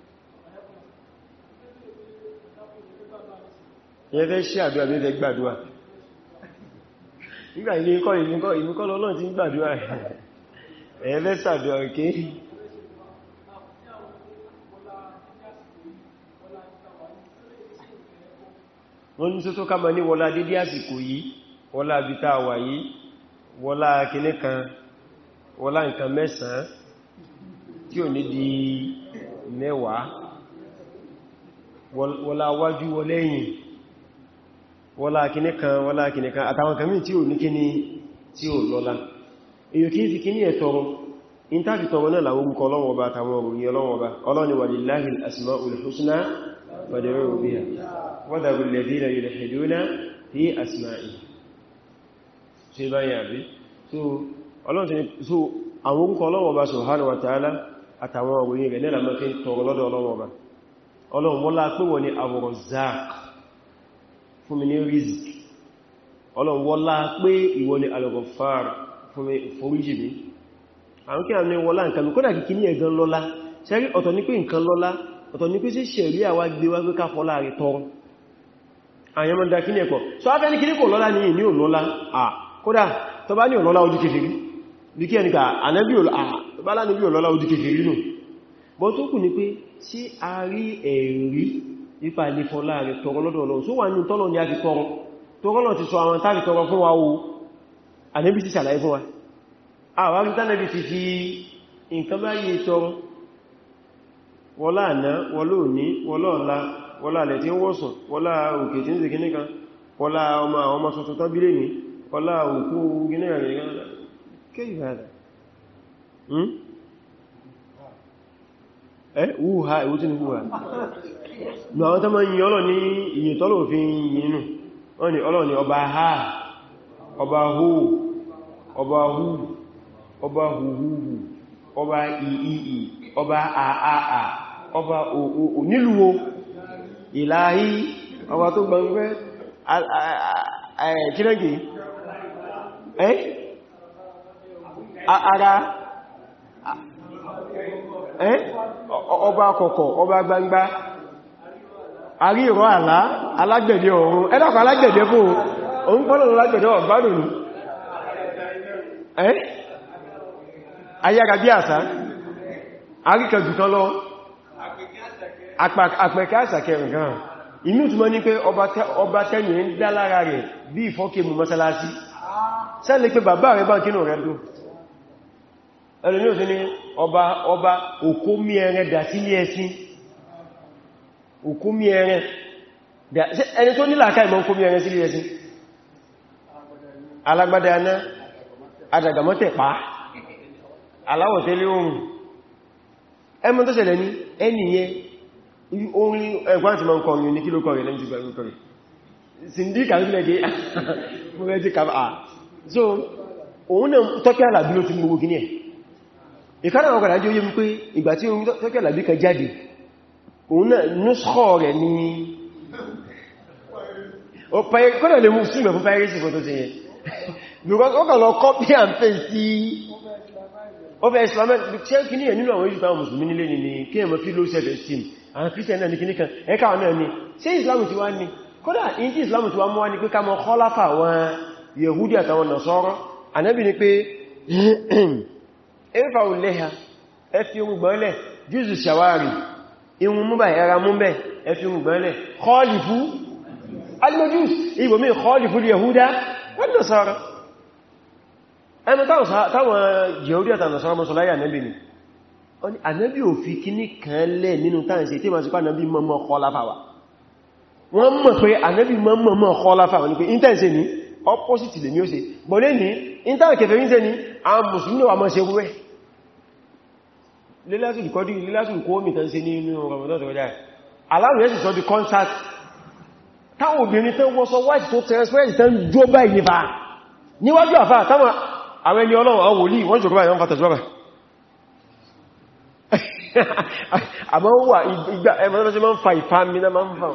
ìyẹn fẹ́ ṣe àdúrà bí fẹ́ gbàdúrà nígbà ilé ikọ́ ìmúkọ́ ìmúkọ́ lọ́lọ́run ti ń gbàdúrà ẹ̀yẹ fẹ́ sàdúrà òkè wọ́n ní sótó ká ma ní wọlá dédé àsìkò yìí wọlá abita àwà yìí wọlá kìnní kan wọlá nǹkan mẹ́sàn-án tí ò ní di mẹ́wàá wọlá wájú wọlẹ́yìn wọ́lá kìní kan wọ́lá kìní kan àtàwọn kàmí tí ò ní kíní tí ò lọ́lá èyí kí fi kíní ẹ̀tọrọ ìntàfi tọrọ náà làwọn orúkọ ọlọ́wọ́ bá tàwọn òròyìn ọlọ́wọ́ bá ọlọ́ni wà lillahi al-asma'ul so àwọn orúkọ ọlọ́wọ́ bá subhanahu wa ta'ala àtàwọn òròyìn rẹ̀ nílàmọ́ fi ń tọrọ lọ́dọ̀ ọlọ́wọ́ bá ọlọ́wọ́ mọ́lá pé ni Ar-Razzaq fún mi ní rizik ọlọ́wọ́lá pé ìwọ ni al-Ghaffar fún mi foríjì mi àwọn kí àwọn wọlá nǹkan mi kódà kìkì ní ẹ̀gan lọ́lá ṣẹ́rí ọ̀tọ̀ ní pé nǹkan lọ́lá ọ̀tọ̀ ní pé sí ṣẹ̀rí àwá gbé wá so afẹ́ ní kíní kò lọ́lá ní ìní òlọ́lá à kódà tó bá ní òlọ́lá ojú kèfèrí bí kí ẹnìkà ànábí òlọ́lá ojú kèfèrí nù bọ́ tó kù ní ipa ilé fọlá rẹ̀ tọrọ lọ́dọ̀ ọlọ́run só wà nínú tọ́lọ̀ ní a ti tọrọ tọrọ náà ti sọ àwọn tàbí tọrọ fún wa o ànẹ́bí ti sàlàyé fún wa àwọn tánàbí ti fi nǹkan báyìí tọrọ wọlá àná wọlá òní wọlá ọ̀la wọlá alẹ̀ tí ń wọ́sùn wọlá òkè tí ń zè kíníkan wọlá lọ àwọn tó mọ́ yí ọlọ́ ní iye tọ́lọ̀ ni ni ọba ha ọba hù ọba hù ọba hùhùhù ọba ììì ọba àà ọba onílùwò ìlàáhí ọba tó gbọ́ngbẹ́ kílẹ̀gì ọba kọ̀kọ̀ ọba gbangba àríìrọ àlá ala ọ̀run ẹlọ́kọ̀ alágbẹ̀dẹ ala gbede pọ́lọ̀rọ̀ alágbẹ̀dẹ ọ̀gbádùn ní ẹ́ ayára bí àṣá àríkẹjù kan lọ àpẹ̀kẹ́ àṣàkẹrùn gan inú túnmọ́ ní pé ọba tẹ́nu ń dá bi rẹ̀ bí ìfọ́kè mú ọba òkó mí dà òkúmí ẹran ẹni tó nílà káìmọ̀ òkúmí ẹran sílé ẹsí alágbádá aná adàgàmọ́tẹ̀ pa aláwọ̀ tẹ́lé ẹmọ tó ṣẹlẹ̀ ní ẹni yẹ orin ti ma ń kọ ní kí ló rẹ̀ lẹ́yìn ah. so ti gbogbo yé mú pé ìgbà tí orin tọ́kẹ́ kan òun náà nùsọ́ rẹ̀ ní kọ́nà lè mú sílẹ̀ fún pẹ́rẹ́sì kò tó ti yẹ because ó kàn lọ copy and paste sí ọfẹ́ islamic ṣe kí ní ẹ̀ nínú àwọn ìjúta mùsùlùmí nílé ni ni kí ẹmọ fílò self-esteem àwọn christian náà ní kí níkan ẹka wọn náà ni ṣe islam ti wá ní kódà in tí islam ti wá mú wá ní pé ká mọ kọ́láfà wọn yehudi àtàwọn nasọ́rọ́ ànábì ni pé ẹfà ò lẹ́ha ẹ fi ohun gbọ́lẹ̀ jùsù ṣàwárí ihun mú báyìí ara mú bẹ́ ẹfí ohun gbẹ́lẹ̀ kọlìfú alimojus ibò mí kọlìfú yahuda wọ́n lọ sọ́rọ̀ ẹnu táwọn yahuda tàbí sọ́rọ̀ mọ́ ni anẹ́bì ò fi kíní kan lẹ̀ nínú táǹsì tí wọ́n sì pàdé bí mọ́mọ́ kọláfàwà wọ́n mọ̀ pé anẹ́bì mọ́mọ́ kọláfàwà ní pé intense ni opposite mùsùlùmí wà mọ́ se wúwẹ́ lélásùn ìkọ́dí lélásùn kóòmì tán sí ní inú Ramadan tó kọjá aláwọ̀ yẹ́sì sọ di concert táwọn obìnrin tán wọ́sọ white tó transparent tán jó báyìí nípa níwájú àfá táwọn àwọn ẹni ọlọ́wọ̀ àwọn wòlíì wọ́n jùlọ báyìí wọ́n fàtàjú báyìí àmọ́ wà ìgbà ẹmọ́tọ́lọ́sí máa ń fa ìfàmì náà máa ń fa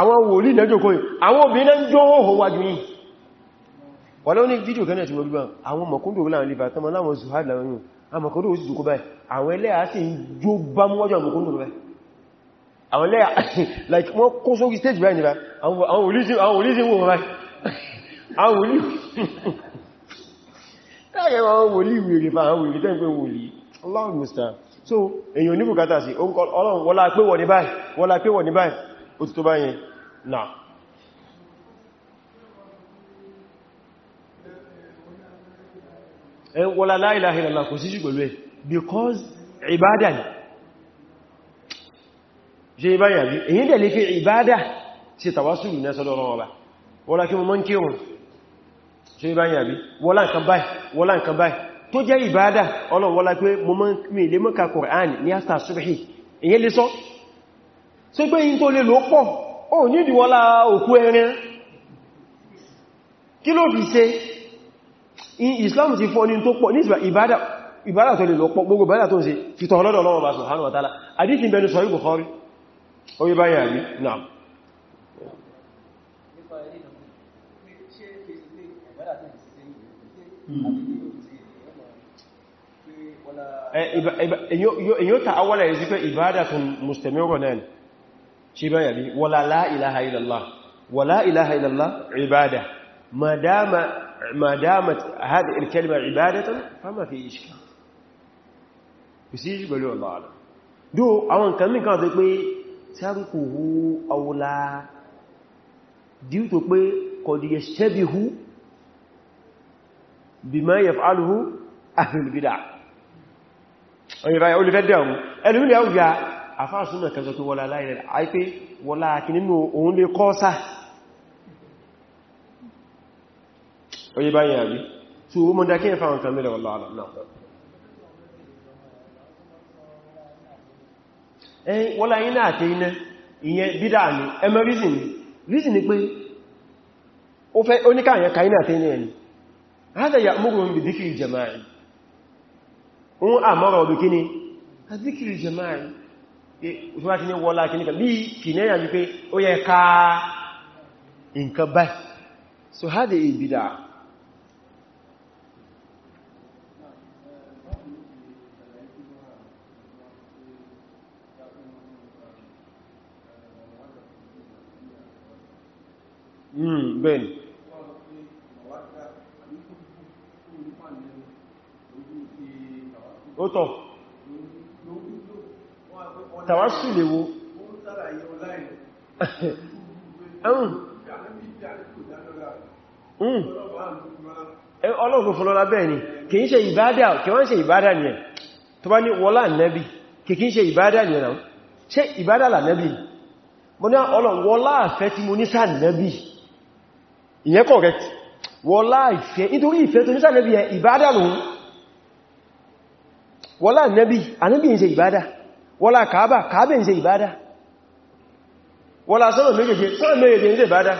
àwọn wòlíì lẹ́jọ́ kóyìn àwọn obìnrin náà ń jó hóhò wájú yìí wà lọ́wọ́ ní fídíò kẹ́nà tí mo rí bá àwọn mọ̀kúndò láàrin lè fàtàmọ́ láwọn zuhad láwọn yìí àmọ̀kòdó ó sì jùkú báyìí àwọn ẹlẹ́yà sì ń jó bá mú wájú àmọ̀kòdó rẹ̀ àwọn ẹlẹ́yà like wọ́n kó sórí stage báyìí nìra àwọn olíṣìn wò wọ́n báyìí àwọn olíwèrè bá àwọn olíwèrè tẹ́ wòlí Allahu musta'an so èyàn oníbùkátà sí ọlọ́run wọ́lá pé wọ́n ní báyìí wọ́lá pé wọ́n ní báyìí ó ti tó báyìí náà wọ́la la ilaha illallah kò síṣù pẹ̀lú ẹ̀ because ìbádà ni ṣe ìbáyà bí èyí dẹ̀ lè fi ìbádà ṣe tàwásùlù ní ẹsọ́dọ̀ ọ̀rọ̀ ọba wọ́la kí mo mọ́ ń kí wọn ṣe ìbáyà bí wọ́la nǹkan báyìí wọ́la nǹkan báyìí tó jẹ́ ìbádà ọlọ́run wọ́la pé mo mọ́ mi lè mọ́ ka Qur'an ní after islam ti fọ́ ní tó pọ̀ ní ìbádà tó lè lọ pọ̀ gbogbo ìbádà tó ń ṣe fìtọ̀ ọlọ́dọ̀ Ọlọ́run bá subhanahu wa ta'ala àdífin bẹnu sọ ìbò kọrí orí báyà rí náà hmm. èyí ta awọ́lá yìí pé ìbádà tó mustamiro náà ṣe báyà rí wala la ilaha illallah wala ilaha illallah ìbádà ما دامت هذه الكلمة عبادة فما في إشكال يسيج بلو الله أعلم دو أولا كان من كان ذلك تركه أولى ديو تقول قد يشتبه بما يفعله أهل البدع أي báyìí olùfẹ́ dẹ̀hùn ẹlùmí lè ọgbà àfáàsúnà kan sọ pé لا láìrẹ̀ àìpé wọ́lá kì nínú òun lè oye báyìí àbí tí owó mọ́dá kí ẹ fáwọn kan mẹ́lẹ̀ wallahu a'lam náà ẹ̀yìn wọ́lá yínà àti iná ìyẹn bídà ní ẹmọ rízì ní rízì ní pé ó fẹ́ oníkàyàn kàínà àti iná ẹni hádà yà múrùn bí díkìrì jama'i ń àmọ́rọ̀ ọdún kíní àdíkìrì jama'i tó bá ti ní wọ́lá kíní kan bí ó yẹ ká nǹkan báyìí so Hmm, bẹ́ẹ̀ni ó tọ̀ tàwásù lè wo hmm. ọlọ́run fún lọ́la bẹ́ẹ̀ ni kì í ṣe ìbádà kì wọ́n ṣe ìbádà ni ẹ̀ tó bá ní wọ́lá nẹ́bí kì kí ṣe ìbádà ni ẹ̀nà ṣe ìbádà là nẹ́bí mo ní ọlọ́run wọ́lá àfẹ́ tí mo ní sáà nẹ́bí ìyẹn correct wọ́lá ìfẹ́ nítorí ìfẹ́ tó nísà nẹ́bí ìbádà lòun wọ́lá nẹ́bí anẹ́bí ń ṣe ìbádà wọ́lá kàábà kàábà ń ṣe ìbádà wọ́lá sọ́rọ̀ méjèèjì sọ́rọ̀ méjèèjì ń ṣe ìbádà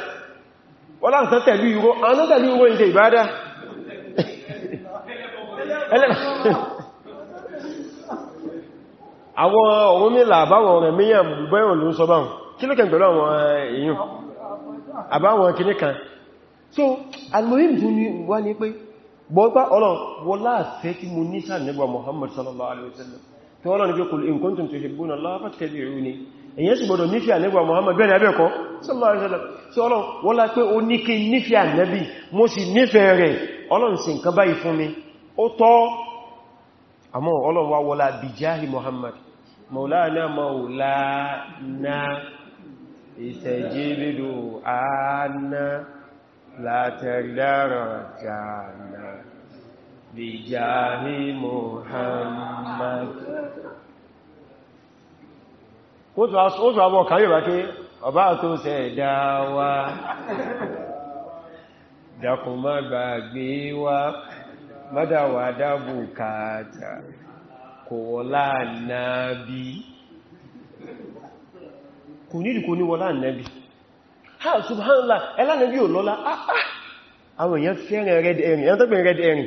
wọ́lá nǹkan tẹ̀lú ìró anú ìró ń ṣe ìbádà àwọn òun ní ló ń sọ báwọn kí àwọn eh, èèyàn àbáwọn so almuhim tún ní wá ní pé bọ́ọ̀pá ọlọ́n wọ́n láàfẹ́ tí mo Muhammad sallallahu alaihi wasallam tí wọ́n lọ́nà pé kul in kuntum tuhibbuna Allah fattabi'uni èyàn sì gbọdọ̀ nífẹ́ Muhammad bẹ́ẹ̀ ni abẹ́ẹ̀kọ́ sallallahu alaihi wasallam sí ọlọ́n wọ́n lá mo sì nífẹ́ rẹ̀ ọlọ́n sì mi látẹ̀dárọ̀ jàlá bìjà ní Muhammad ó tún àbọ̀ kàrí ìbá ọba tó ṣẹ̀ dáwà dákun má gbàgbé wá mọ́dáwà dábù kààtà kò wọ́lá náà bí kò ha subhanallah ẹlànàbí ò lọ́lá ah, ah. àwọn èèyàn fẹ́rẹ̀ red erin ẹ̀yàn tó pè red erin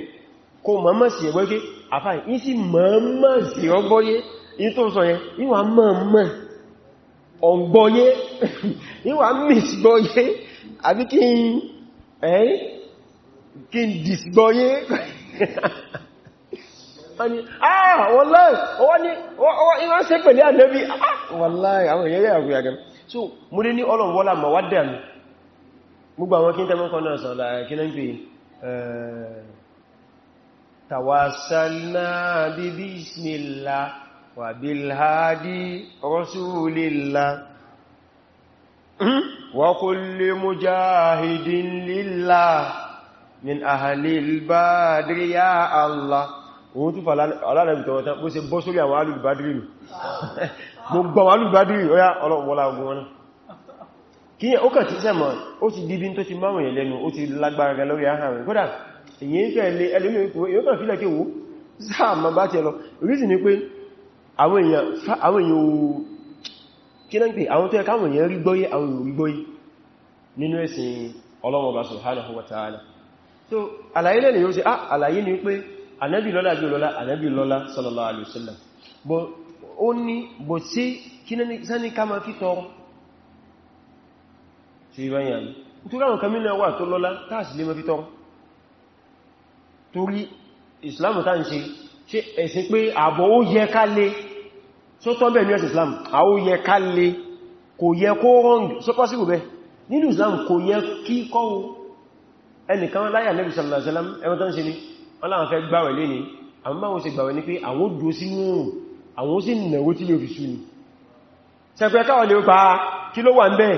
kò mọ́mọ́ sí ẹgbẹ́ kí àfáà yìí sí mọ́mọ́ sí ọgbọ́yé yìí sọ yẹn ìwà mọ́mọ́ ọgbọ́yé ha ha ha ha so mo lè ní ọlọ́run wọ́lá mọ̀wádà mi gbogbo àwọn kí n tẹ́mọ́ kan náà sọ̀lá kí náà ń pè tàwàsánà bíbí ìsìnlá wà bí láàdí rọ́súlélá wa kulli mujahidin lillah min ahalil badri ya Allah òun tó fà alánàbìtọ̀wọ̀ta bó ṣe bọ́ sórí àwọn alùbádìrí gbogbo àwọn alùgbádìí ọya ọlọ́wọ́lá ogun wọn kí ó kàn tí sẹ́mọ̀ ó ti dìbí tó ti máwọn èèyàn lẹ́nu ó ti lágbára lórí ahàn rẹ̀ kódà èyí ń fẹ́ lé ẹlẹ́mì yóò kàn fílẹ̀ kí wo sáàmà bá ti ni pé àwọn èèyàn kí náà pé àwọn tó yẹ káwọn èèyàn rí gbọ́yé àwọn èèyàn rí gbọ́yé nínú ẹ̀sìn subhanahu wa ta'ala so àlàyé lẹ́nu yóò ṣe ah àlàyé ni pé ànábì sallallahu alaihi wasallam bo ó ní bò sí kí ní ká máa fi tọrọ ṣe ìbáyàn nítorí àwọn kan mínú wà tó lọ́lá táàsì lè máa fi tọrọ torí ìsìláàmù tá ń ṣe ṣe ẹ̀sìn pé àbọ̀ ó yẹ ká lè sọ́tọ́ bẹ̀ ní ẹ̀sìn ìsìláàmù àó yẹ ká lè kò yẹ kó rọ́ǹgì sọ́pọ̀ sí gùnbẹ̀ àwọn sí ìnàwó tí yóò fi sú ni sẹ́fẹ́ káwọn lè pa kí ló wà ń bẹ́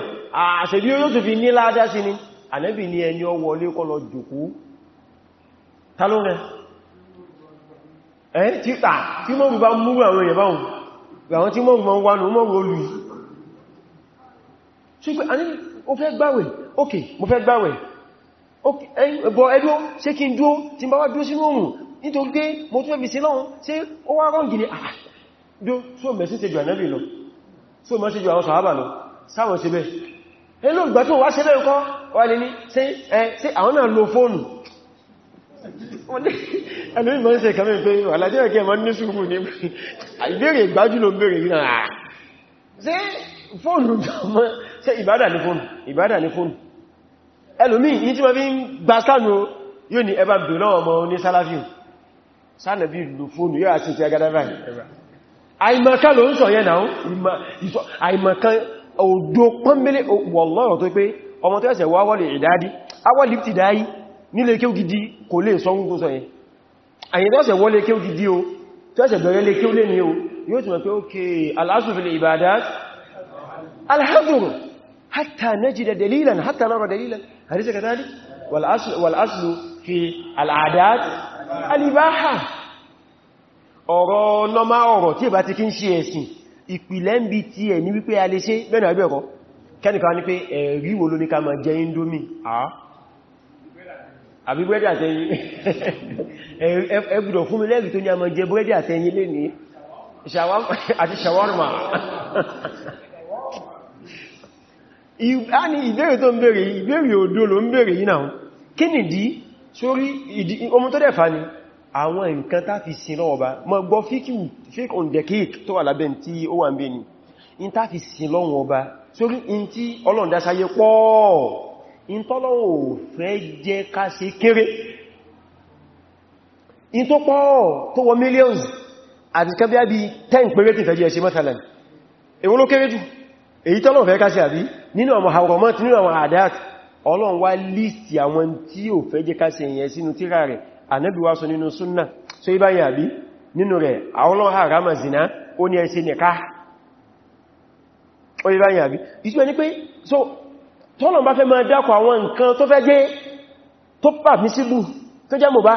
àṣẹ́bí yóò tó fi ní ládá sí ni ànẹ́bì ní ẹni ọwọ́ lé kọ́ lọ jòkó tálórẹ ẹ́ títà tí mọ́rù bá mú àwọn èèyàn báhùn àwọn tí mọ́rù máa wánú mọ́rù olù ṣe pé àní ó fẹ́ gbàwẹ̀ ok mo fẹ́ gbàwẹ̀ ẹgbọ́ ẹdúó ṣe kí n dúó tí bá wá dúó sínú nítorí pé mo tún ẹbì sí lọ́run ṣe ó wá rọ́ǹgì ni ah, dó tó mẹ́sí ṣe jù ànábì lọ tó mọ́ ṣe jù àwọn sàhábà lọ sáwọn ṣe bẹ́ ẹ ló gbà tó wá ṣe bẹ́ẹ̀ kọ́ wà lè ní ṣe àwọn náà lo fóònù ẹlú ìmọ̀ ṣe kàmẹ́ pé alájẹ́ ẹ̀kẹ́ ma ní ṣùgbù ní ìbéèrè ìgbájú ló béèrè rí náà ṣe fóònù jọmọ́ ṣe ìbádà ní fóònù ìbádà ní fóònù ẹlòmí yìí tí ma fi ń gba sáànù yóò ní ẹbá bèèrè lọ́wọ́ ọmọ oní sálàfíù sánàbí lò fóònù yóò àti ti agadá báyìí àìmọ̀kan ló ń sọ yẹn náà àìmọ̀kan òdó pọ́nbélé wọ̀lọ́rọ̀ tó pé ọmọ tó ẹ̀sẹ̀ wá wọ́lẹ̀ ìdádí awọ́lì ti dáyí nílé kí ó gidi kò lè sọ ń gbóṣọ yẹn àyìn tó ẹ̀sẹ̀ wọ́lẹ̀ kí ó gidi o tó ẹ̀sẹ̀ bẹ̀rẹ̀ lè kí ó lè ní o yóò túnmọ̀ pé ókè alásùfilẹ̀ ibadat al-ibaha ọ̀rọ̀ lọ́má ọ̀rọ̀ tí ìbá ti kí ń ṣe ẹ̀sìn ìpìlẹ̀ ń bí ti ẹ̀ ní wípé a lè ṣe bẹ́ẹ̀ àbí ẹ̀kọ́ kẹ́nìkan ní pé ẹ̀rí wo ló ní ká máa jẹ indomie àbí búrẹ́dì àtẹyin ẹ fún mi lẹ́rìí shawarma a ní ìbéèrè tó ń béèrè ìbéèrè òdó ló ń béèrè yìí náà kí nìdí àwọn nǹkan tá fi sin lọ́wọ́ bá mọ́ gbọ́ fíkì on the cake tó wà lábẹ́ tí ó wà ń bẹ́ ni in tá fi sin lọ́wọ́ bá sórí in tí Ọlọ́run sáyé pọ̀ in tọ́lọ́run fẹ́ jẹ́ ká ṣe kéré in tó pọ̀ tó wọ millions àti kẹ́bíá bí 10 péré tí fẹ́jẹ́ ṣe mọ́tàlá èwo ló kéré jù èyí tọ́lọ́run fẹ́ ká ṣe àbí nínú àwọn àwọ̀rọ̀mọ́ nínú àwọn àdáàtì Ọlọ́run wá líìsì àwọn tí ò fẹ́ ànábì wá sọ nínú súnnà so ibá yà bí nínú rẹ̀ àwọn ló harama zina ó ní ẹsẹ nìká ó ibá yà bí ìsúwẹ́ ní pé so tọ́nà bá fẹ́ máa dákọ̀ àwọn nǹkan tó fẹ́ jẹ́ tó pà ní síbù tó jẹ́ mọ̀ bá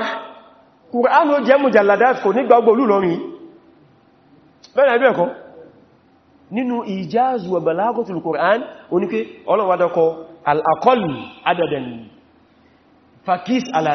Kùránì ó jẹ́ mùjàládá kò ní gbogbo olú lọ́rin bẹ́ẹ̀ ẹgbẹ́ ẹ̀kọ́ nínú ìjáàzù wa balaghatul fakis ala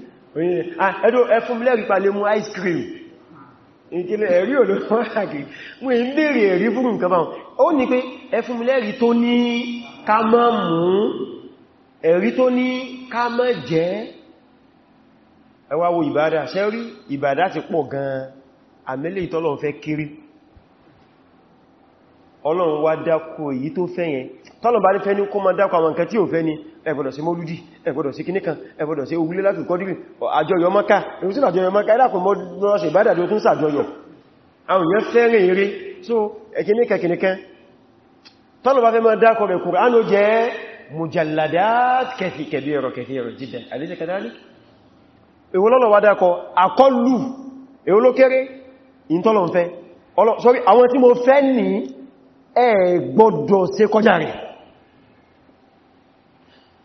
ẹ̀dọ́ ah, ẹfún lẹ́rí palẹ̀ mú ice cream ìkìlẹ̀ ẹ̀rí ò ló wọ́n àgbì mú in bèèrè ẹ̀rí fún nǹkan báwọn ó ní pé ẹfún lẹ́rí tó ní ká má mú ẹ̀rí tó ní ká má jẹ ẹ wá wo ìbádà sẹ́rí ìbádà ti pọ̀ gan àmẹ́lẹ̀ ìtọ́lọ̀ fẹ́ kiri ọlọ́run wá dákò èyí tó fẹ́ yẹn tọ́lọ̀ bá ní fẹ́ ní kó má dákò àwọn nǹkan tí ẹ gbọ́dọ̀ ṣe mọ́lúdí ẹ gbọ́dọ̀ ṣe kìníkan ẹ gbọ́dọ̀ ṣe ogúnlé láti kọ́dìrì àjọyọ̀ mọ́ká ẹ̀rùsí àjọyọ̀ mọ́ká ìdàkùn mọ́rọ̀ṣẹ̀ ìbádàdó tún sàjọyọ̀ àwọn èèyàn fẹ́rẹ̀ eré so ẹ̀kìníkan kìníkan tọ́lọ̀bá fẹ́ máa dákọ̀ rẹ̀ kùránù jẹ́ mujalladat kẹfì kẹbí ẹ̀rọ kẹfì ẹ̀rọ jídẹ̀ àlẹ́sẹ̀ kẹdálí ìwọlọ́lọ́wà dákọ̀ àkọlù ewolókéré ìntọ́lọ̀ ń fẹ́ sọ́rí àwọn tí mo fẹ́ ní ẹ gbọ́dọ̀ ṣe kọjá rẹ̀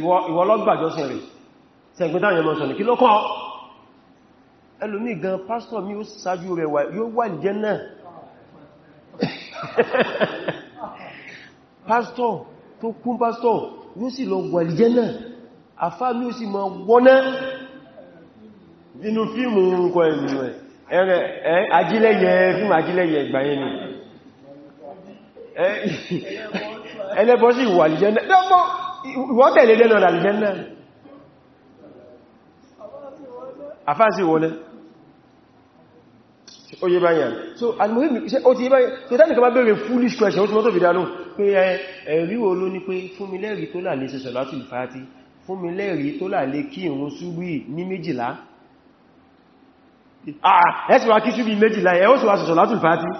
ìwọ lọ́gbàjọ́sìn rẹ̀ sẹ́gbẹ̀dá yẹmọ sọ ní kí ló kọ́ ẹlòmí gan pásítọ̀ mi ó sáájú rẹ̀ yóò wà jẹ́ náà pásítọ̀ tó kún pásítọ̀ yóò sì lọ wà jẹ́ náà afá mi ó sì mọ wọ́ná nínú fíìmù orúkọ ẹ̀mìnà ẹlẹ́bọ́ sí wà jẹ́ náà ìwọ́n tẹ̀lé lẹ́nà àlìjẹ́nà àfáàsì wọlé ó yé báyìí àmì so alìmọ̀hìmì iṣẹ́ ó ti yé báyìí so tẹ́lì kọba bèèrè foolish question ó ti mọ́tò fìdánú pé ẹ̀ríwò ló ní pé fúnmilẹ́rì tó là lè ṣe sọ̀látù ìfàátì fúnmilẹ́rì tó là lè kí ìrun súbì ní méjìlá ah, ẹ̀ẹ́sì wá kí súbì méjìlá ẹ̀ ó sì wá ṣe sọ̀látù ìfàátì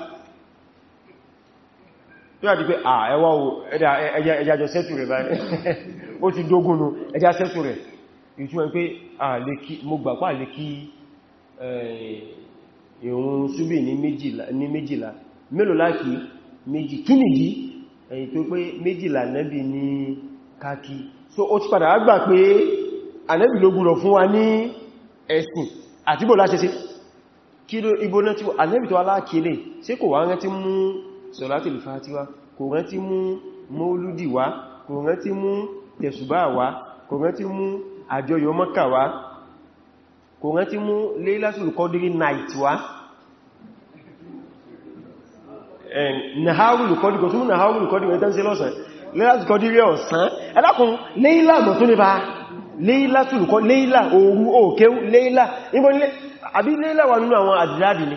tó yàtí pé à ẹwà o ẹjàjọ sẹ́tù rẹ̀ báyìí ó ti dógún nù ẹjà sẹ́tù rẹ̀ ìtúwẹ́ pé mo gbà pà lè kí ìrun súbì ní méjìlá mélòó láti méjì kí nìyí èyí tó pé méjìlá nẹ́bì ní káàkì so ó ti padà gbà pé ànẹ́bì ló gbùrọ̀ fún wa ní ẹ̀sìn àtíbò láṣẹ́sẹ́ kí ló ibò náà tí ànẹ́bì tó aláàkílẹ̀ sí kò wá rántí mú sọ̀látì fàtíwá kò rántí mú mọ́lúdì wá kò rántí mú tẹ̀sùbá wá kò rántí mú àjọyọ̀ mọ́kà wá kò rántí mú Laylatul Qadri night wá nàhárùlù kọ́dí kò tún nàhárùlù kọ́dí wọ́n tán sí lọ́sàn Laylatul Qadri ọ̀sán ẹlákùn léílà mọ̀ tún nípa Laylatul Qadri léílà òru òkè àbí léílà wà nínú àwọn àdìláàdì ni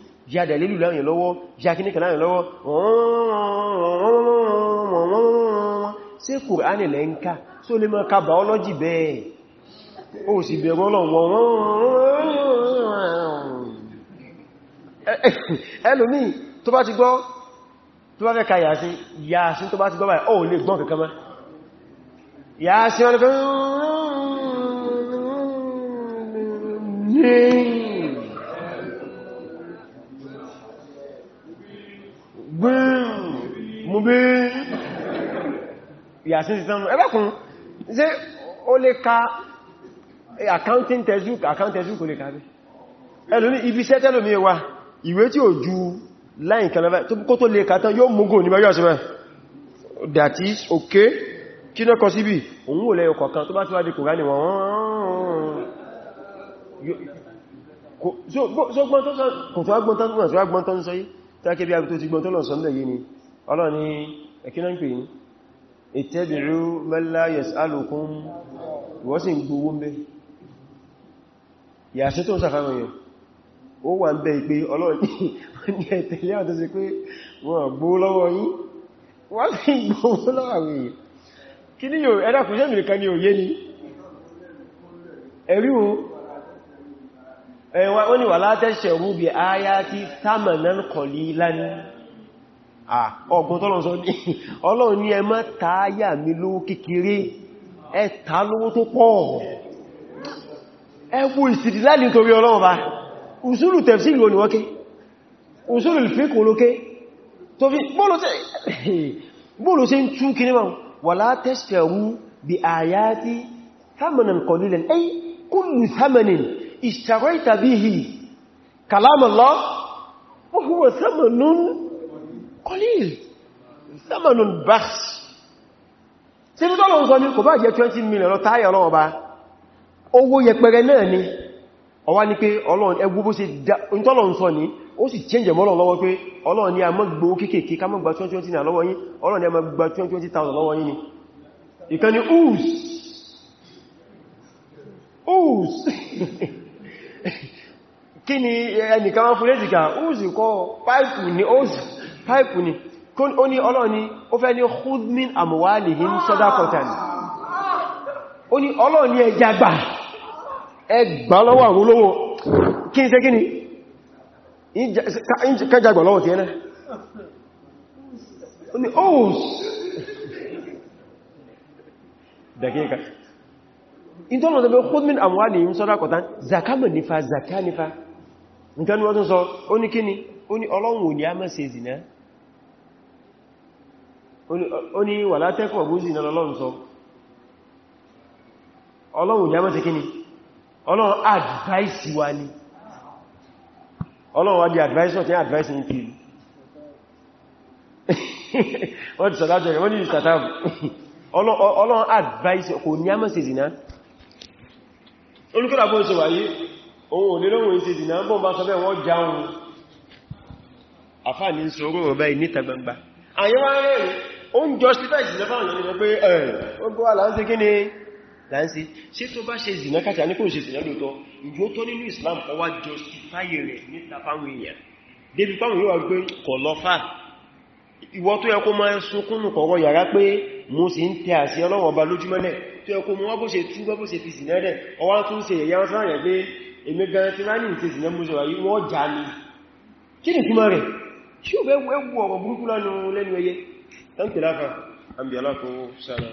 ya dalilu láàrin lọ́wọ́ ya kíníkà láàrin lọ́wọ́ ṣe kùránì lẹ́ǹká só lè mọ́ ká biology bẹ́ẹ̀ ó sì bẹ̀rọ lọ́wọ́ ẹlòmí tó bá ti gbọ́ tó bá fẹ́ ka yàásí yàásí tó bá ti gbọ́ báyìí ó lè yàsí sí sánú ẹgbẹ́kùn ṣe ó lè ka accounting textbook accounting textbook kò lè ka bí ẹlòmí ibi iṣẹ́ tẹ́lòmí wa ìwé tí ò ju láì kẹlẹ́fẹ́ tó kó tó lè ka tán yóò mógò ní báyọ́ ṣe that is okay kí náà kọ síbí òun ò lẹ́yọ kọ̀kan tó bá tí wá di kòránì wọn ọ̀rọ̀ ọ̀rọ̀ ọ̀rọ̀ ìtẹ́bìrú mẹ́lá yẹ̀sálùkún wọ́n sì ń gbówó mẹ́ yàṣẹ́ tó ń sàfàmà yẹn ó wà ń bẹ́ ìpé ọlọ́ọ̀ni ẹ̀tẹ̀lẹ́ àwọn tó sì pé wọ́n gbówó lọ́wọ́ yín wọ́n sì gbówó lọ́wọ́ àwọn èèyàn ọgbọ́n tọ́lọ́n sọ ní ọlọ́run ní ẹ má tààyà mi lówó kékeré ẹ tà lówó tó pọ̀ ẹ wo ìsìdìláàdì nítorí ọlọ́run bá usulu tafsir ló ní wọ́n ké usulu fiqh ló ké tó fi bóòlù sí ń tú kiri wọn wala tashtaru bi ayati thamanan qalilan ay kullu thamanin ishtaraita bihi kalam Allah wa huwa thamanun kọlíl samanun bakhsh tí tí tọ́lọ̀ ń sọ kò 20 million owó yẹpẹrẹ náà ni ọwá ní pé ọlọ́run ẹgbú bó ṣe tọ́lọ̀ ń sọ ó sì change mọ́lọ̀ lọ́wọ́ pé ọlọ́run ni a mọ́ gbó kéèkéé ká mọ́ gba 2020 lọ́wọ́ yín ọlọ́run ni a mọ́ gba 20,000 lọ́wọ́ yín ni ìkan ni oos pipe ni kún ó ní ọlọ́ni ó fẹ́ ní hudmin amwalihim sadaqatan ó ní ọlọ́ni ẹja gbà ẹgbà lọ́wọ́ àwọn olówó kí n ṣe kí ni kẹjàgbà lọ́wọ́ ti ẹ́nà ó ní oh. zakama nifa Oni ní ọlọ́run ò ní a má ṣe zìnà ó ní wà látẹ́kọ̀ bú zìnà lọ́lọ́run sọ ọlọ́run ò ní a má kí ni ọlọ́run advice wa ni ọlọ́run wá di advice náà advice ní kiri wọ́n ti sọ̀dájọ́ rẹ̀ wọ́n ni ìsàtàbù ọlọ́run advice kò ní a má ṣe zìnà olùkọ́lá bó ṣe wáyé ohun òlélọ́wọ̀n ìṣe àfáàní sọ̀rọ̀ ọ̀bá ìníta gbangba àyíwá rẹ̀ o ń jọ síta ìsìnà fáwọn ìlú pé ẹ̀rẹ̀ ó bọ́ aláǹsí kí ni láǹsí sí tó bá ṣe ní kò ṣe Islam ọwá jọ sítáyè rẹ̀ níta fáwọn èèyàn débi fáwọn yóò wà pé kọ̀ lọ fà ìwọ tó yẹ kó máa sunkúnnù kọ̀rọ̀ yàrá pé mo sì ń tẹ àṣẹ ọlọ́wọ̀ ọba lójúmọ́lẹ̀ tó yẹ kó mọ́ wá bó ṣe tú bó ṣe fi sìnà rẹ̀ ọwá tún ṣe yẹ̀yẹ́ wọ́n sáà pé tí ó fẹ́ wú ọ̀rọ̀ burúkú lẹ́nu ẹyẹ k'an tẹ̀láka alákòó sára